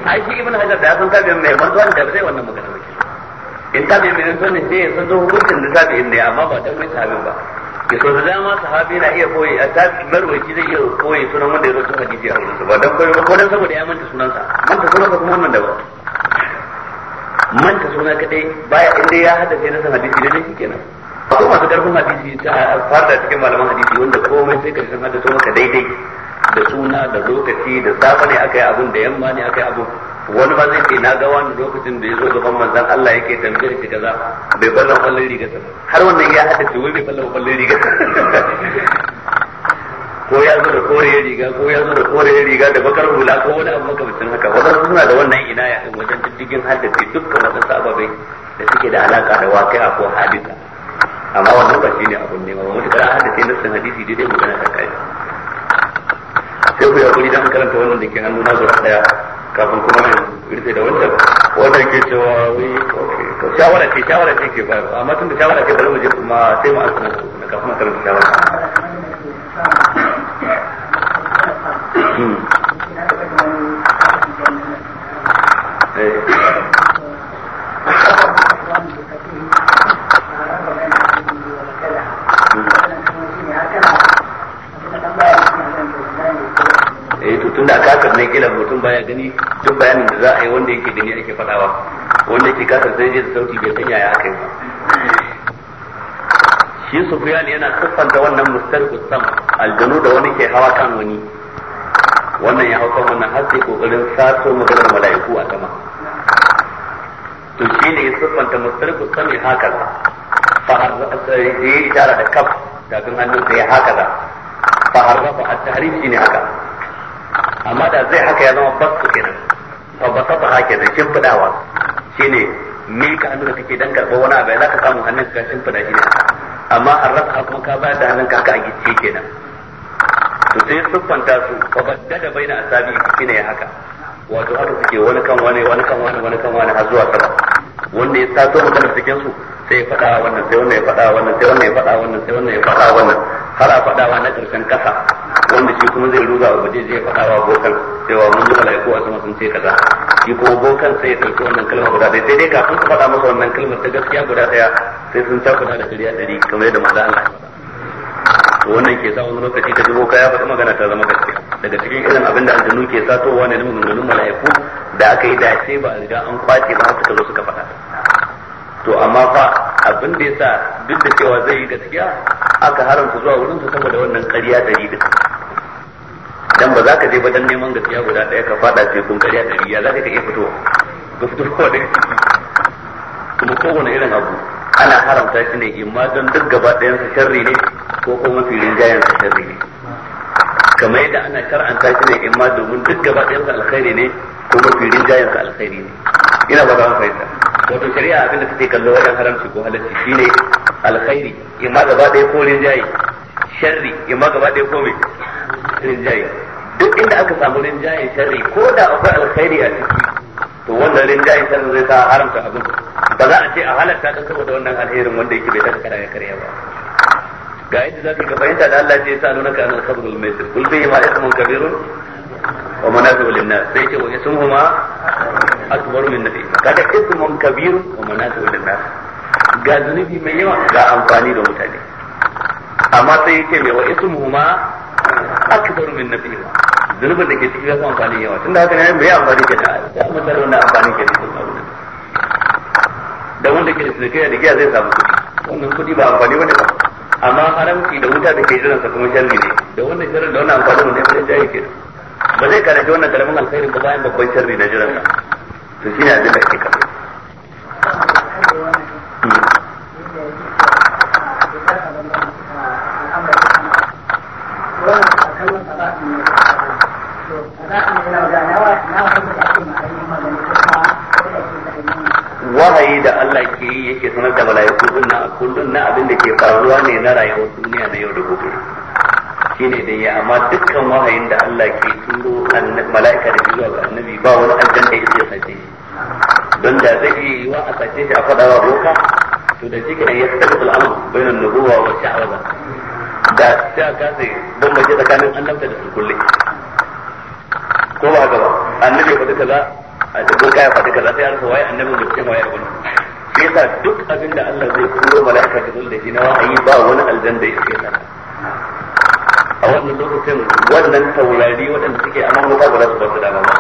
ai shi ibn hajar da ya san tabi'in mai da wannan magana in mai ne sai san zo hukuncin da tabi'in ne amma ba dan mai tabi'in ba ke so da dama sahabi na iya koyi a tabi'in marwaci zai iya koyi sunan wanda ya hadisi a wurin ba dan koyi ko dan saboda ya manta sunansa manta sunansa kuma wannan da ba manta suna kadai baya inda ya na san hadisi kenan ko masu karfin hadisi ta fara cikin malaman hadisi wanda komai sai karshen haddace maka daidai da suna da lokaci da safe ne aka yi abun da yamma ne aka yi abun wani ba zai ce na ga wani lokacin da ya zo gaban manzan Allah yake tambayar shi kaza bai ballan ballan riga har wannan ya hada ce wai bai ballan ballan riga ko ya zo da koriyar riga ko ya zo da koriya riga da bakar hula ko wani abu makamcin haka wannan suna da wannan ina ya wajen diddigin haddace dukkan wasu ababai da suke da alaka da waqi'a ko hadisa amma wannan ba shine abun ne ba da haddace na san hadisi mu gana ta kai ku ya kuri dan karanta wannan da ke hannu na zuwa daya kafin kuma ne rufe da wancan wanda ke cewa wai to shawara ce shawara ce ke ba amma tun da shawara ce balwaje kuma sai mu an sanar da kafin a karanta shawara hmm. Eh. da kasar ne kila mutum baya gani duk bayanin da za a yi wanda yake gani ake faɗawa wanda yake kasar sai je da sauti bai san yaya aka yi ba shi sufyan yana siffanta wannan mustar kusam aljanu da wani ke hawa kan wani wannan ya hauka wannan har sai kokarin sato maganar mala'iku a sama to shi ne ya siffanta mustar kusam ya haka fa har ya yi ishara da kaf tafin sai ya haka fa har ba a tahrim shi ne haka amma da zai haka ya zama basu kenan fa basata ha kenan shimfidawa shine me ka hannu da kake dan ba wani abu zaka ka samu hannun ka shimfida shi ne amma harrasa kuma ka bayar da hannun ka haka a gicce kenan to sai siffanta su fa da baina asabi shine ya haka wato haka suke wani kan wani wani kan wani wani kan wani har zuwa sama wanda ya taso magana cikin su sai ya faɗa wannan sai wannan ya faɗa wannan sai wannan ya faɗa wannan sai wannan ya faɗa wannan har a faɗawa na ƙarshen kasa wanda shi kuma zai ruga waje zai faɗa wa bokan cewa mun zuba mala'iku a sama sun ce kaza shi kuma bokan sai ya ɗauki wannan kalma guda ɗaya sai dai kafin su faɗa masa wannan kalmar ta gaskiya guda ɗaya sai sun takuda da ƙarya ɗari kamar yadda manzo Allah to wannan ke sa wani lokaci ta ji boka ya faɗi magana ta zama gaske daga cikin irin abin da aljanu ke satowa ne na maganganun mala'iku da aka yi dace ba a riga an kwace ba suka zo suka faɗa to amma fa abin da ya sa duk da cewa zai yi gaskiya aka haramta zuwa wurin su saboda wannan ƙarya da yi dan ba za ka je ba neman gaskiya guda ɗaya ka faɗa ce kun kariya da riya za ka iya fito ga fito ko dai kuma kowane irin abu ana haramta shi ne ma don duk gaba ɗayan sa sharri ne ko kuma filin jayan sa sharri ne kamar yadda ana shar'anta shi ne ma domin duk gaba ɗayan sa alkhairi ne ko kuma filin jayan sa alkhairi ne ina ba za mu fahimta wato shari'a abin da take kallo wajen haramci ko halarci shine alkhairi ma gaba ɗaya ko rinjaye sharri ma gaba ɗaya ko me rinjaye duk inda aka samu rinjaye sharri ko da akwai alkhairi a ciki to wannan rinjaye sharri zai sa haramta abin ba za a ce a halatta ta saboda wannan alherin wanda yake bai taskara ya karya ba ga yadda za ka fahimta da Allah ya sa nuna ka anil khabrul maisir kul bihi ma ismun kabirun wa manafi'u lin-nas sai ce wa ismuhuma akbaru min nafi kada ismun kabirun wa manafi'u lin-nas ga zunubi mai yawa ga amfani da mutane amma sai yake mai wa ismuhuma akbaru min nafi zunubin da ke ciki ya amfani yawa tunda haka ne mai amfani ke da ya mutar wannan amfani ke da da wanda ke da da giya zai samu kuɗi wannan kuɗi ba amfani wani ba amma haramci da wuta da ke jiran sa kuma sharri ne da wannan sharri da wannan amfani wanda ya ke ba zai karanci wannan karamin alkhairin ba bayan babban sharri da jiran sa to abin da kafa karuwa ne na rayuwar duniya na yau da gobe ne da ya amma dukkan wahayin da Allah ke turo mala'ika da zuwa ga annabi ba wani aljan da yake sace don da zai yi yiwa a sace shi a faɗa wa boka to da shi kenan ya tsaka al'amur bainan nubuwa wa sha'awa da ta don bambance tsakanin annabta da sulkulle ko ba gaba annabi ya faɗi kaza a cikin kaya faɗi kaza sai an wai annabi da cikin wayar wani shi yasa duk abin da Allah zai turo mala'ika da zuwa shi na wahayi ba wani aljan da yake nan a wannan lokacin wannan taurari waɗanda suke a nan ba za su ba su dama ba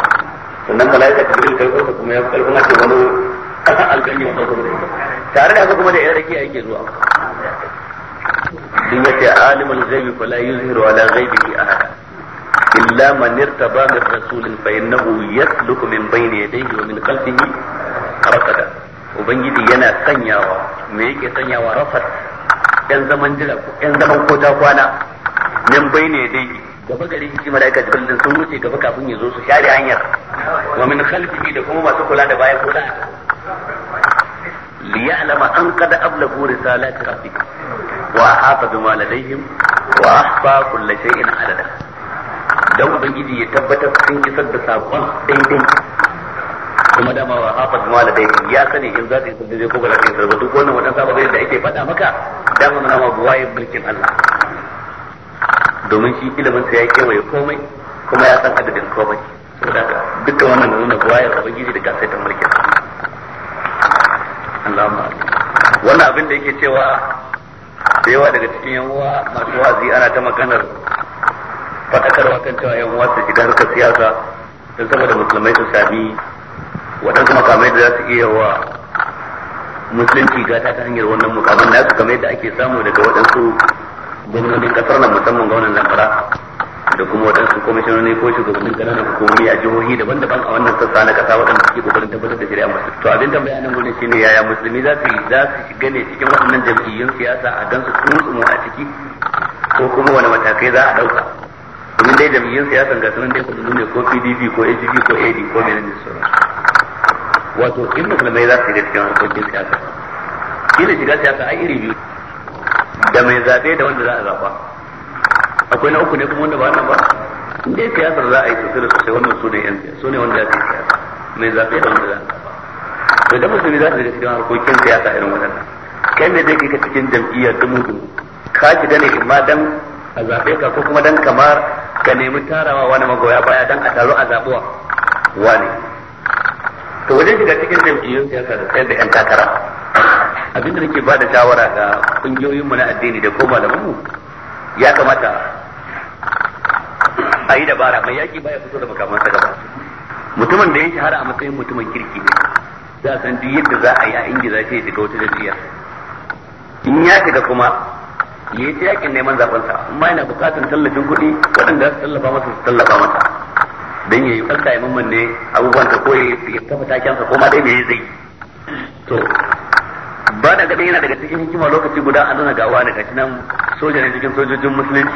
sannan mala'ika da zuwa karfin sa kuma ya karfin ce wani aljan ya ba su da tare da haka kuma da yan rake ake zuwa din yace alimul ghaibi fala yuzhiru ala ghaibihi ahada إلا من ارتضى من رسول فإنه يسلك من بين يديه ومن خلفه رصدا ubangiji yana sanyawa me yake sanyawa rafat yan zaman jira yan zaman ko ta kwana nan bai ne dai gaba gare shi malaika jibril din sun wuce gaba kafin ya zo su share hanyar wa min khalfihi da kuma masu kula da baya kula ya'lama an qad ablagu risalati rabbika wa ahata bima ladayhim wa ahsa kulli shay'in adada dan ubangiji ya tabbatar sun isar da sakon daidai kuma dama wa hafaz walidai ya sani in za ka yi sabbin ko ba za ka yi sirri duk wannan wadansa ba da ake faɗa maka dama mana ma buwaye mulkin Allah domin shi ilimin sa ya kewaye komai kuma ya san adadin komai dukkan wannan da nuna buwaye ubangiji da gasaitan mulkin Allahumma wannan abin da yake cewa da yawa daga cikin yan uwa masu wazi ana ta maganar faɗakarwa kan cewa yan uwa su shiga harkar siyasa don saboda musulmai su sami waɗansu makamai da za su iya wa musulunci gata ta hanyar wannan mukamin da aka kamar yadda ake samu daga waɗansu gwamnonin kasar nan musamman gwamnan zamfara da kuma waɗansu kwamishinoni ko shugabannin ƙananan hukumomi a jihohi daban-daban a wannan sassa na ƙasa waɗanda suke ƙoƙarin tabbatar da shari'a musulmi to abin tambaya nan shi shine yaya musulmi za su za su shiga ne cikin waɗannan jam'iyyun siyasa a su tsuntsumo a ciki ko kuma wani matakai za a ɗauka domin dai jam'iyyun siyasa ga sunan dai kudu ne ko pdp ko agp ko ad ko menene sauransu wato in musulmai za su shiga cikin harkokin siyasa ne shiga siyasa a iri biyu da mai zaɓe da wanda za a zaɓa akwai na uku ne kuma wanda ba wannan ba in dai siyasar za a yi sosai da sosai wannan su ne yan siyasa su ne wanda ya su siyasa mai zaɓe da wanda za a zaɓa to da musulmi za su shiga cikin harkokin siyasa irin waɗannan kai mai zai kika cikin jam'iyya dumu dumu ka da ne in ma dan a zaɓe ka ko kuma dan kamar ka nemi tarawa wani magoya baya dan a taro a zaɓuwa wani to wajen shiga cikin jam'iyyun siyasa da sayar da yan takara abinda nake ba da shawara ga kungiyoyinmu na addini da ko malamanmu ya kamata a yi dabara mai yaki baya fito da makamansa gaba mutumin da ya shahara a matsayin mutumin kirki ne za a san duk yadda za a yi a ingiza shi ya shiga wata jam'iyya in ya shiga kuma ya yi ta yakin neman zaɓensa amma yana buƙatar tallafin kuɗi waɗanda za su tallafa masa su tallafa masa dan yi kanka ya mamman ne abubuwan ta koyi ya kafa taken sa ko ma dai mai zai to ba da gaɗin yana daga cikin hikima lokaci guda an nuna gawa da gashi nan soja ne cikin sojojin musulunci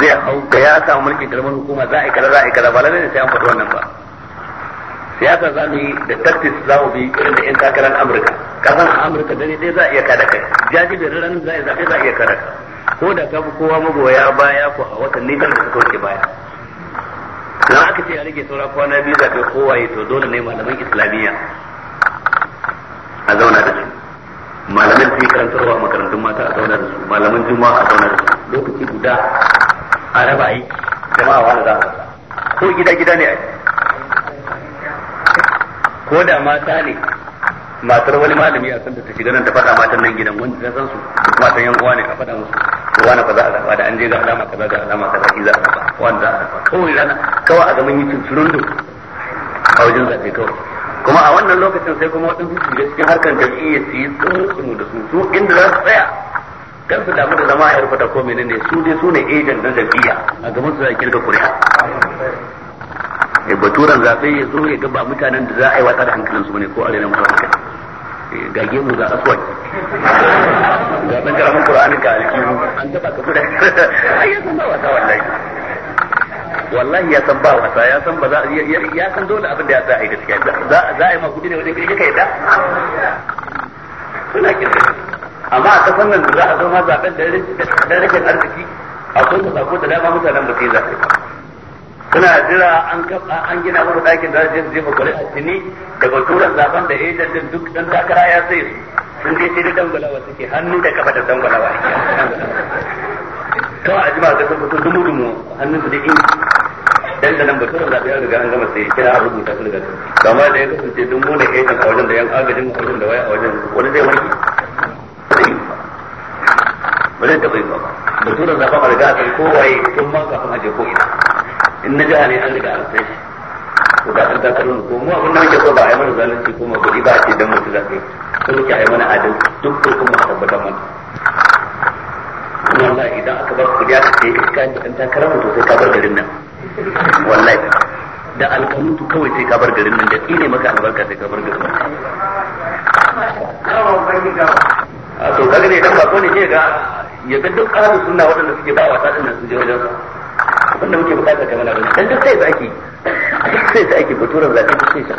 zai hau da ya samu mulkin karamar hukuma za a yi kaza za a yi kaza ba lalle ne sai an faɗi wannan ba siyasa za mu yi da taktis za mu bi irin da 'yan takarar amurka kasan a amurka dare ɗaya za a iya kada kai jaji ranar za a zaɓe za a iya kada ko da ka fi kowa magoya baya ko a watan nisan da suka wuce baya dan aka ce a rage saura kwana biyu kowa kowaye to dole ne malaman islamiyya a zauna da su malaman su yi karantarwa a makarantun mata a zauna da su malaman juma a zauna da su lokaci guda a raba aiki jama'a wani za a ko gida gida ne a ko da mata ne matar wani malami a san da ta shiga nan ta faɗa matan nan gidan wanda ta san su matan yan uwa ne a faɗa musu uwa na fa za a zaɓa da an je ga alama kaza ga alama kaza ki za a zaɓa wanda kawai rana kawai a gaban yi cincirundu a wajen zaɓe kawai kuma a wannan lokacin sai kuma waɗansu su shiga cikin harkar jam'iyyar su yi tsunu da su su inda za su tsaya kan su damu da zama a yarfata ko menene su dai su ne ejan na jam'iyya a gaban su za a kirga kuri'a eh, baturan zaɓe ya zo ya ga mutanen da za a yi wata da hankalinsu ne ko a rena masu hankali eh, ga gemu ga aswad ga ɗan karamin ƙura'anin ka alkihu an taɓa ka guda ai ba wasa wallahi wallahi ya san ba wasa ya san ba za ya san dole abin da ya za a yi gaskiya za za a yi ma kudi ne wajen kirki kai da suna kirki amma a kasan nan za a zo ma zaben da rikin arziki a akwai ta sako da dama mutanen ba su yi zaɓe suna jira an kafa an gina wani ɗakin da zai zai kwarai a tuni da baturan zaben da ya yi duk dan takara ya sai su sun je sai da dangwalawa suke hannu da kafa da dangwalawa kawai a jima da sun fito dumu dumu hannun su da inji dan da nan mutum da ya riga an gama sai kira a rubuta su daga kama da ya kasance duk mu ne aikin a wajen da yan agajin mutum da waya a wajen wani zai warke ba zai taɓa yi ba mutum da zaɓa a riga a kai kowaye tun ma kafin aje ko ina in na jiha ne an riga an sai to da an dakarar ko mu abin da muke so ba a yi mana zalunci ko magudi ba a ce dan mutu zaɓe ko muke a yi mana adal duk ko kuma a tabbatar mana kuma wallahi idan aka ba ku ya ce iska ta takarar mu to sai ka bar garin nan wallahi da alƙalutu kawai sai ka garin nan da ne maka albarka sai ka garin nan a to kaga ne dan bako ne ke ga ya ga duk ahlus sunna waɗanda suke ba wa din nan su je wajen wanda muke bukata ta mana bane dan duk sai zaki duk sai zaki baturan zaki duk sai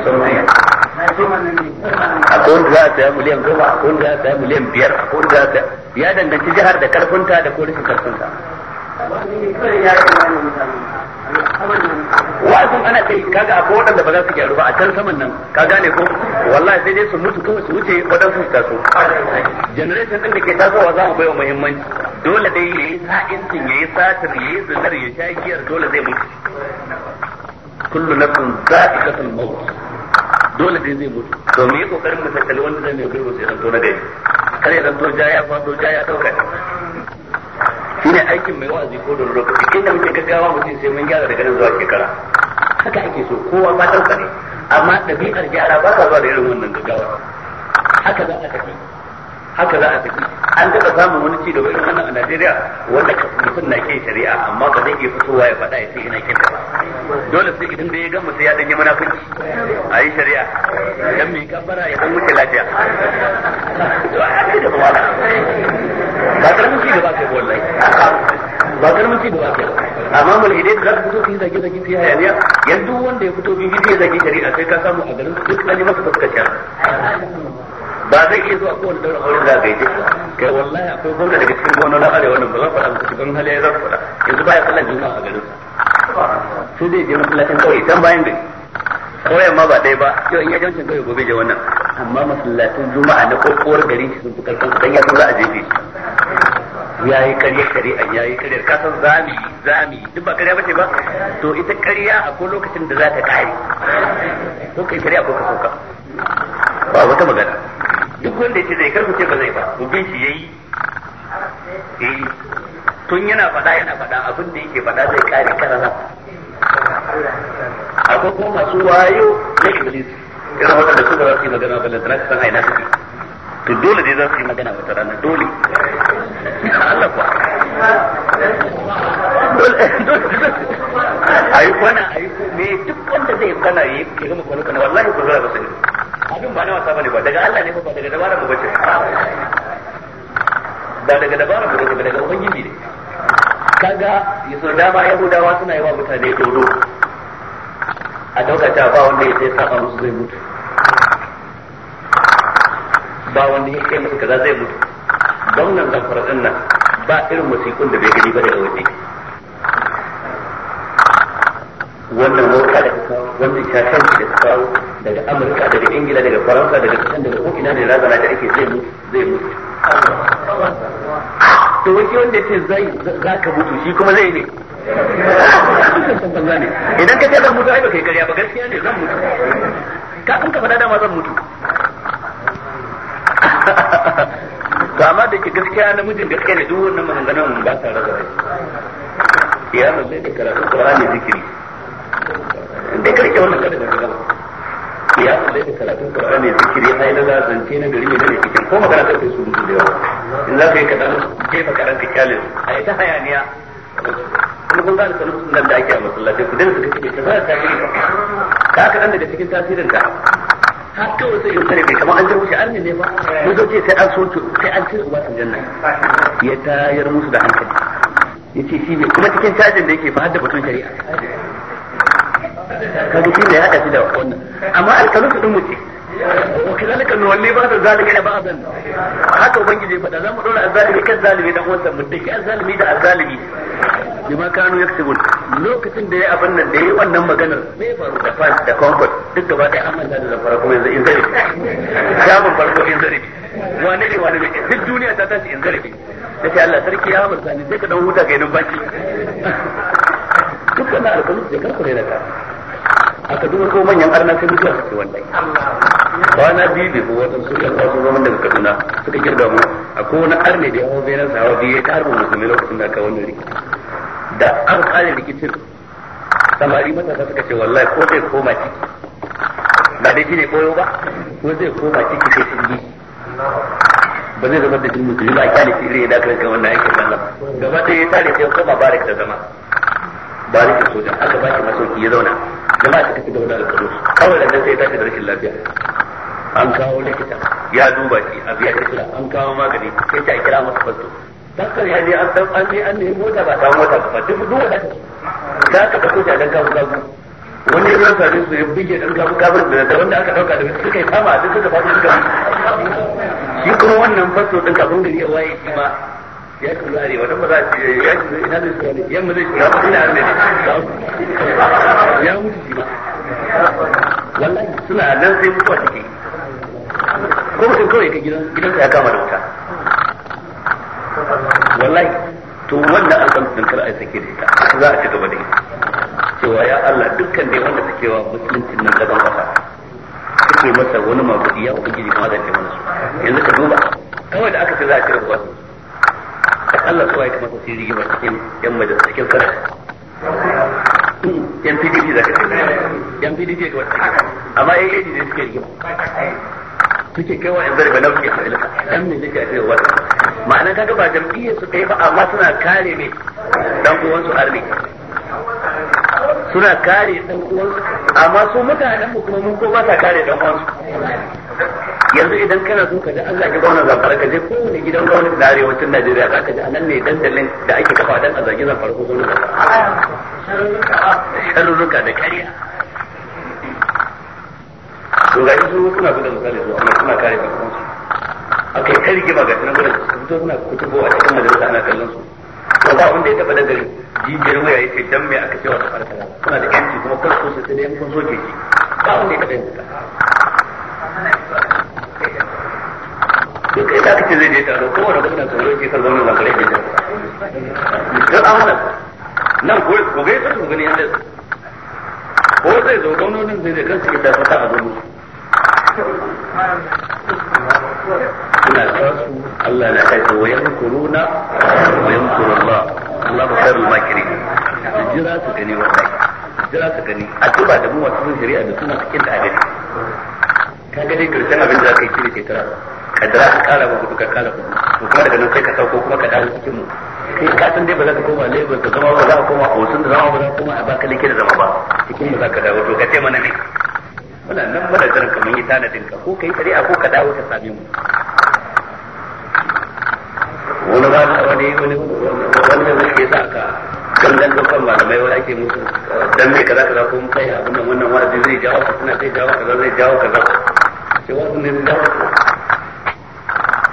akwai wanda za a saya miliyan goma akwai wanda za a saya miliyan biyar akwai wanda za a saya ya danganci jihar da karfinta da ko rashin karfinta sun ana kai kaga akwai waɗanda ba za su gyaru ba a can saman nan ka gane ko wallahi sai dai su mutu ko su wuce waɗansu su taso generation din da ke tasowa za mu bai wa muhimmanci dole dai yayi sa'incin yayi satir yayi zinar ya sha giyar dole zai mutu kullu nafsin za'iqatul maut dole dai zai mutu to me yake kokarin mu tattali wanda zai mai gurbu sai zanto na gari kar ya zanto jaya fado jaya dauka shine aikin mai wa'azi ko da lokaci inda mutum gaggawa mutum sai mun gyara daga nan zuwa shekara haka ake so kowa ba ta ne amma ɗabi'ar gyara ba ta zuwa da irin wannan gaggawa haka za a tafi haka za a tafi an taɓa samun wani ci gaba irin wannan a Najeriya wanda mutum na ke shari'a amma ba zai iya fitowa ya faɗa ya ce ina ke ba dole sai idan da ya gama sai ya danye munafiki a yi shari'a dan mai kabbara ya dan wuce lafiya to a ce da wala ba karamin ci gaba kai wallahi ba karamin ci gaba kai amma mulhidai da za su fito su yi zage zage su yi yanzu wanda ya fito bibi sai zage shari'a sai ka samu a garin duk an yi masa fuskaciya ba zai iya zuwa kowane daura auren za ga yi kai wallahi akwai gwamna daga cikin gwamna na arewa nan ba za ku faɗa musu cikin hali ya za faɗa yanzu ba ya sallan juma'a a garin sai zai je masallacin kawai can bayan gari kawai ma ba ɗaya ba yau in ya jamcin kawai gobe je wannan amma masallacin juma'a na kokowar gari sun fi karfin dan ya san za a jefe shi ya yi karya kare ya yi karya ka san zami zami duk ba kare bace ba to ita karya ko lokacin da za ta kare ko kai karya ko ka soka ba wata magana duk wanda yake zai karku ce ba zai ba ubin shi yayi yayi eh. tun yana fada yana fada abin da yake fada zai kare a akwai kuma masu wayo na iblis irin waɗanda suka za su yi magana ba da su san aina suke to dole dai za su yi magana wata rana dole Allah kuwa ayi kwana ayi me duk wanda zai kwana yi ke gama kwana kwana wallahi ku zara basu abin ba na wasa bane ba daga Allah ne ba daga dabaran mu bace ba daga dabaran mu daga daga ubangiji ne kaga yaso dama yahudawa suna yi wa mutane dodo a dauka ta ba wanda ya sai saba musu zai mutu ba wanda ya kai musu kaza zai mutu wannan zamfara din nan ba irin musikun da bai gani ba daga waje wannan wauta da kawo wannan shashen da ta kawo daga amurka daga ingila daga faransa daga kasan daga ko'ina da razana da ake zai mutu zai mutu to wani wanda ce zai za ka mutu shi kuma zai ne idan ka ce zan mutu ai ba kai karya ba gaskiya ne zan mutu ka ka fada dama zan mutu to amma da ke gaskiya namijin gaskiya ne duk wannan maganganun ba sa raba rai ya mu sai da karatu Qur'ani zikiri da karke wannan kada da gaba ya mu sai da karatu Qur'ani zikiri ai na zance na gari ne da cikin ko magana kai su da yawa in za ka yi kadan ke fa karanta kyalin ai ta hayaniya kuma kun gane sanin sunan da ake a masallaci ku dinga suka ce kaza ta yi ka ka dan daga cikin tasirin ta har kawai sai ya bai kamar an jarumci an ne ba mun zauce sai an soke sai an cire uba janna ya tayar musu da hankali ya ce shi bai kuma cikin cajin da yake fa da batun shari'a kaga shi ne ya shi da wannan amma alkalu su dumu ce وكذلك نولي بعض الظالمين بعضا haka ubangiji ya faɗa za mu ɗora da kan zalimi dan wansa mu dake azzalimi da azzalimi bima kanu yaksubun lokacin da ya abin da yayi wannan maganar me da duk gaba ɗaya an manta da zamfara kuma yanzu in zarafi shagon farko in zarafi wane ne wane ne duk duniya ta tashi in zarafi ta ce Allah sarki ya amurta ne sai ka dan huta kai numfashi duk wannan alƙalus da karku ne na ta a duba ko manyan arna sai mutuwa suke wannan kwana biyu bai kuma wata suka kwaso zaman daga kaduna suka kirga mu a kowane arne da ya hau bayan sawa biyu ya tarbi musulmi lokacin da ka wani rikici da aka kare rikicin samari matasa suka ce wallahi ko zai koma ciki ba dai shine koyo ba ko zai koma ciki sai shirgi ba zai zama da jin musulmi ba kyale shi irin ya dakar kan wannan aikin Allah gaba ɗaya ya tare sai koma barik da zama barik soja aka ba shi masauki ya zauna jama'a ta tafi da wani alƙalu kawai da sai ya tashi da rashin lafiya an kawo likita ya duba shi a biya kira an kawo magani sai ta kira masa fasto dakar ya ne an san an ne an ne mota ba ta mota ba duk duk wanda ta ka ta ko ta dan kawo gagu wani ya rasa su ya bige dan kafin kafin da wanda aka dauka daga suka yi fama duk suka faɗi suka shi kuma wannan fasto din kafin gari a waye shi ma ya ci zuwa arewa ba za a ya yi zuwa ina zai shiga ya mu zai shiga ba da ne ya mutu shi ma wallahi suna nan sai mutuwa take ko mutum kawai ka gidan gidansa ya kama da wuta wallahi to wannan an san tunkar a sake da ita za a ci gaba da ita cewa ya Allah dukkan dai wanda suke wa musulunci nan gaban kasa suke masa wani mabudi ya ubangiji kuma zai mana su yanzu ka duba kawai da aka ce za a cire ruwa Allah kawai ka masa sirri ba cikin yan majalisa cikin sarki hmm, yan PDP da kake yan PDP ga wata amma ai ai ne suke rigima suke kawai yan zarba na suke fa'ila dan ne suke a wa ma'ana kaga ba jam'iyyar su kai ba amma suna kare ne dan uwan su arni suna kare dan uwansu amma su mutanen mu kuma mun ko ba sa kare dan uwansu yanzu idan kana so ka ji an zagi gwamnan zamfara ka je kowane gidan gwamnati da arewacin Najeriya za ka ji anan ne dandalin da ake kafa dan a zagi zamfara ko gwamnan zamfara sharruka da kariya to ga su suna gudan misali su amma suna kare dan uwansu akai kai rigima ga tunan gudan su fito suna kutubowa a cikin majalisa ana kallon su to ba wanda ya taba nazari jijiyar wuya yace dan me aka ce wa kafar kaza kuna da yanci kuma kan so sai dai kun soke shi ba wanda ya taba yanzu duk kai da kace zai je taro ko wanda kuma tsoro ke karban nan zakare ke da duk an wannan nan ko ko ga yadda ku gani yanda ko zai zo gwamnonin zai da kansu ke tafi a zo yana san su Allah na kai wa yamkuruna wa yamkuru Allah Allah ba khairul makirin jira su gani wallahi jira su gani a tuba da mu masu shari'a da suna cikin da adali ka ga dai karshen abin da kai kire shekara kadara ka kara ba ka kara ba to kuma daga nan sai ka sauko kuma ka dawo cikin mu kai ka san dai ba za ka koma Lagos ka zama ba za ka koma Osun da zama ba za ka koma a baka lake da zama ba cikin mu za ka dawo to ka ce mana ne wannan nan madadin kamar yi tanadin ka ko kai a ko ka dawo ka same mu wani ba ka wani wani wani mai musu yasa ka gangan dukkan malamai wani ake musu dan mai kaza kaza ko kai abin nan wannan wa'azi zai jawo ka suna zai jawo kaza zai jawo kaza ce ne zai jawo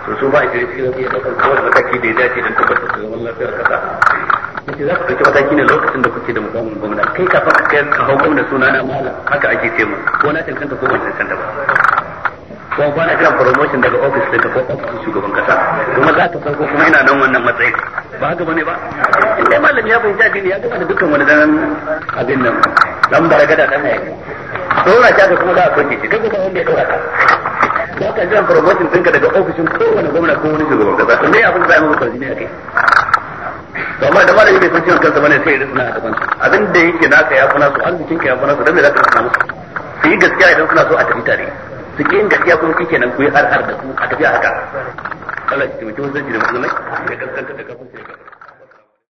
to su ba a cikin lafiya ɗaukar kowane ko da ya dace don tabbatar da zaman lafiyar kasa kace za ku ɗauki mataki ne lokacin da kuke da mukamin gwamna kai kafin ka hau gwamna suna na malam haka ake ce mu ko na cancanta ko ban cancanta ba kuma ba na kiran promotion daga office daga ko office shugaban kasa kuma za ka sauko kuma ina don wannan matsayi ba haka bane ba in dai malami ya fahimci addini ya gama da dukkan wani dan abin nan dan baragada dan yayi dora ta ka kuma za a soke shi kaga ba wanda ya dora ka ba ka jiran promotion ɗinka daga ofishin kowane gwamna ko wani shugaban kasa kuma ya abin da za a yi maka ne akai to amma da malami bai san ciwon kansa bane sai ya rusuna a gaban abin da yake naka ya fi nasu arzikin ka ya fi nasu don me za ka rusuna musu su yi gaskiya idan suna so a tafi tare su ke yin gaskiya kuma kike nan ku yi har har da su a tafiya haka Allah ya taimake wasu da musulmai da kaskanta da kafin shekara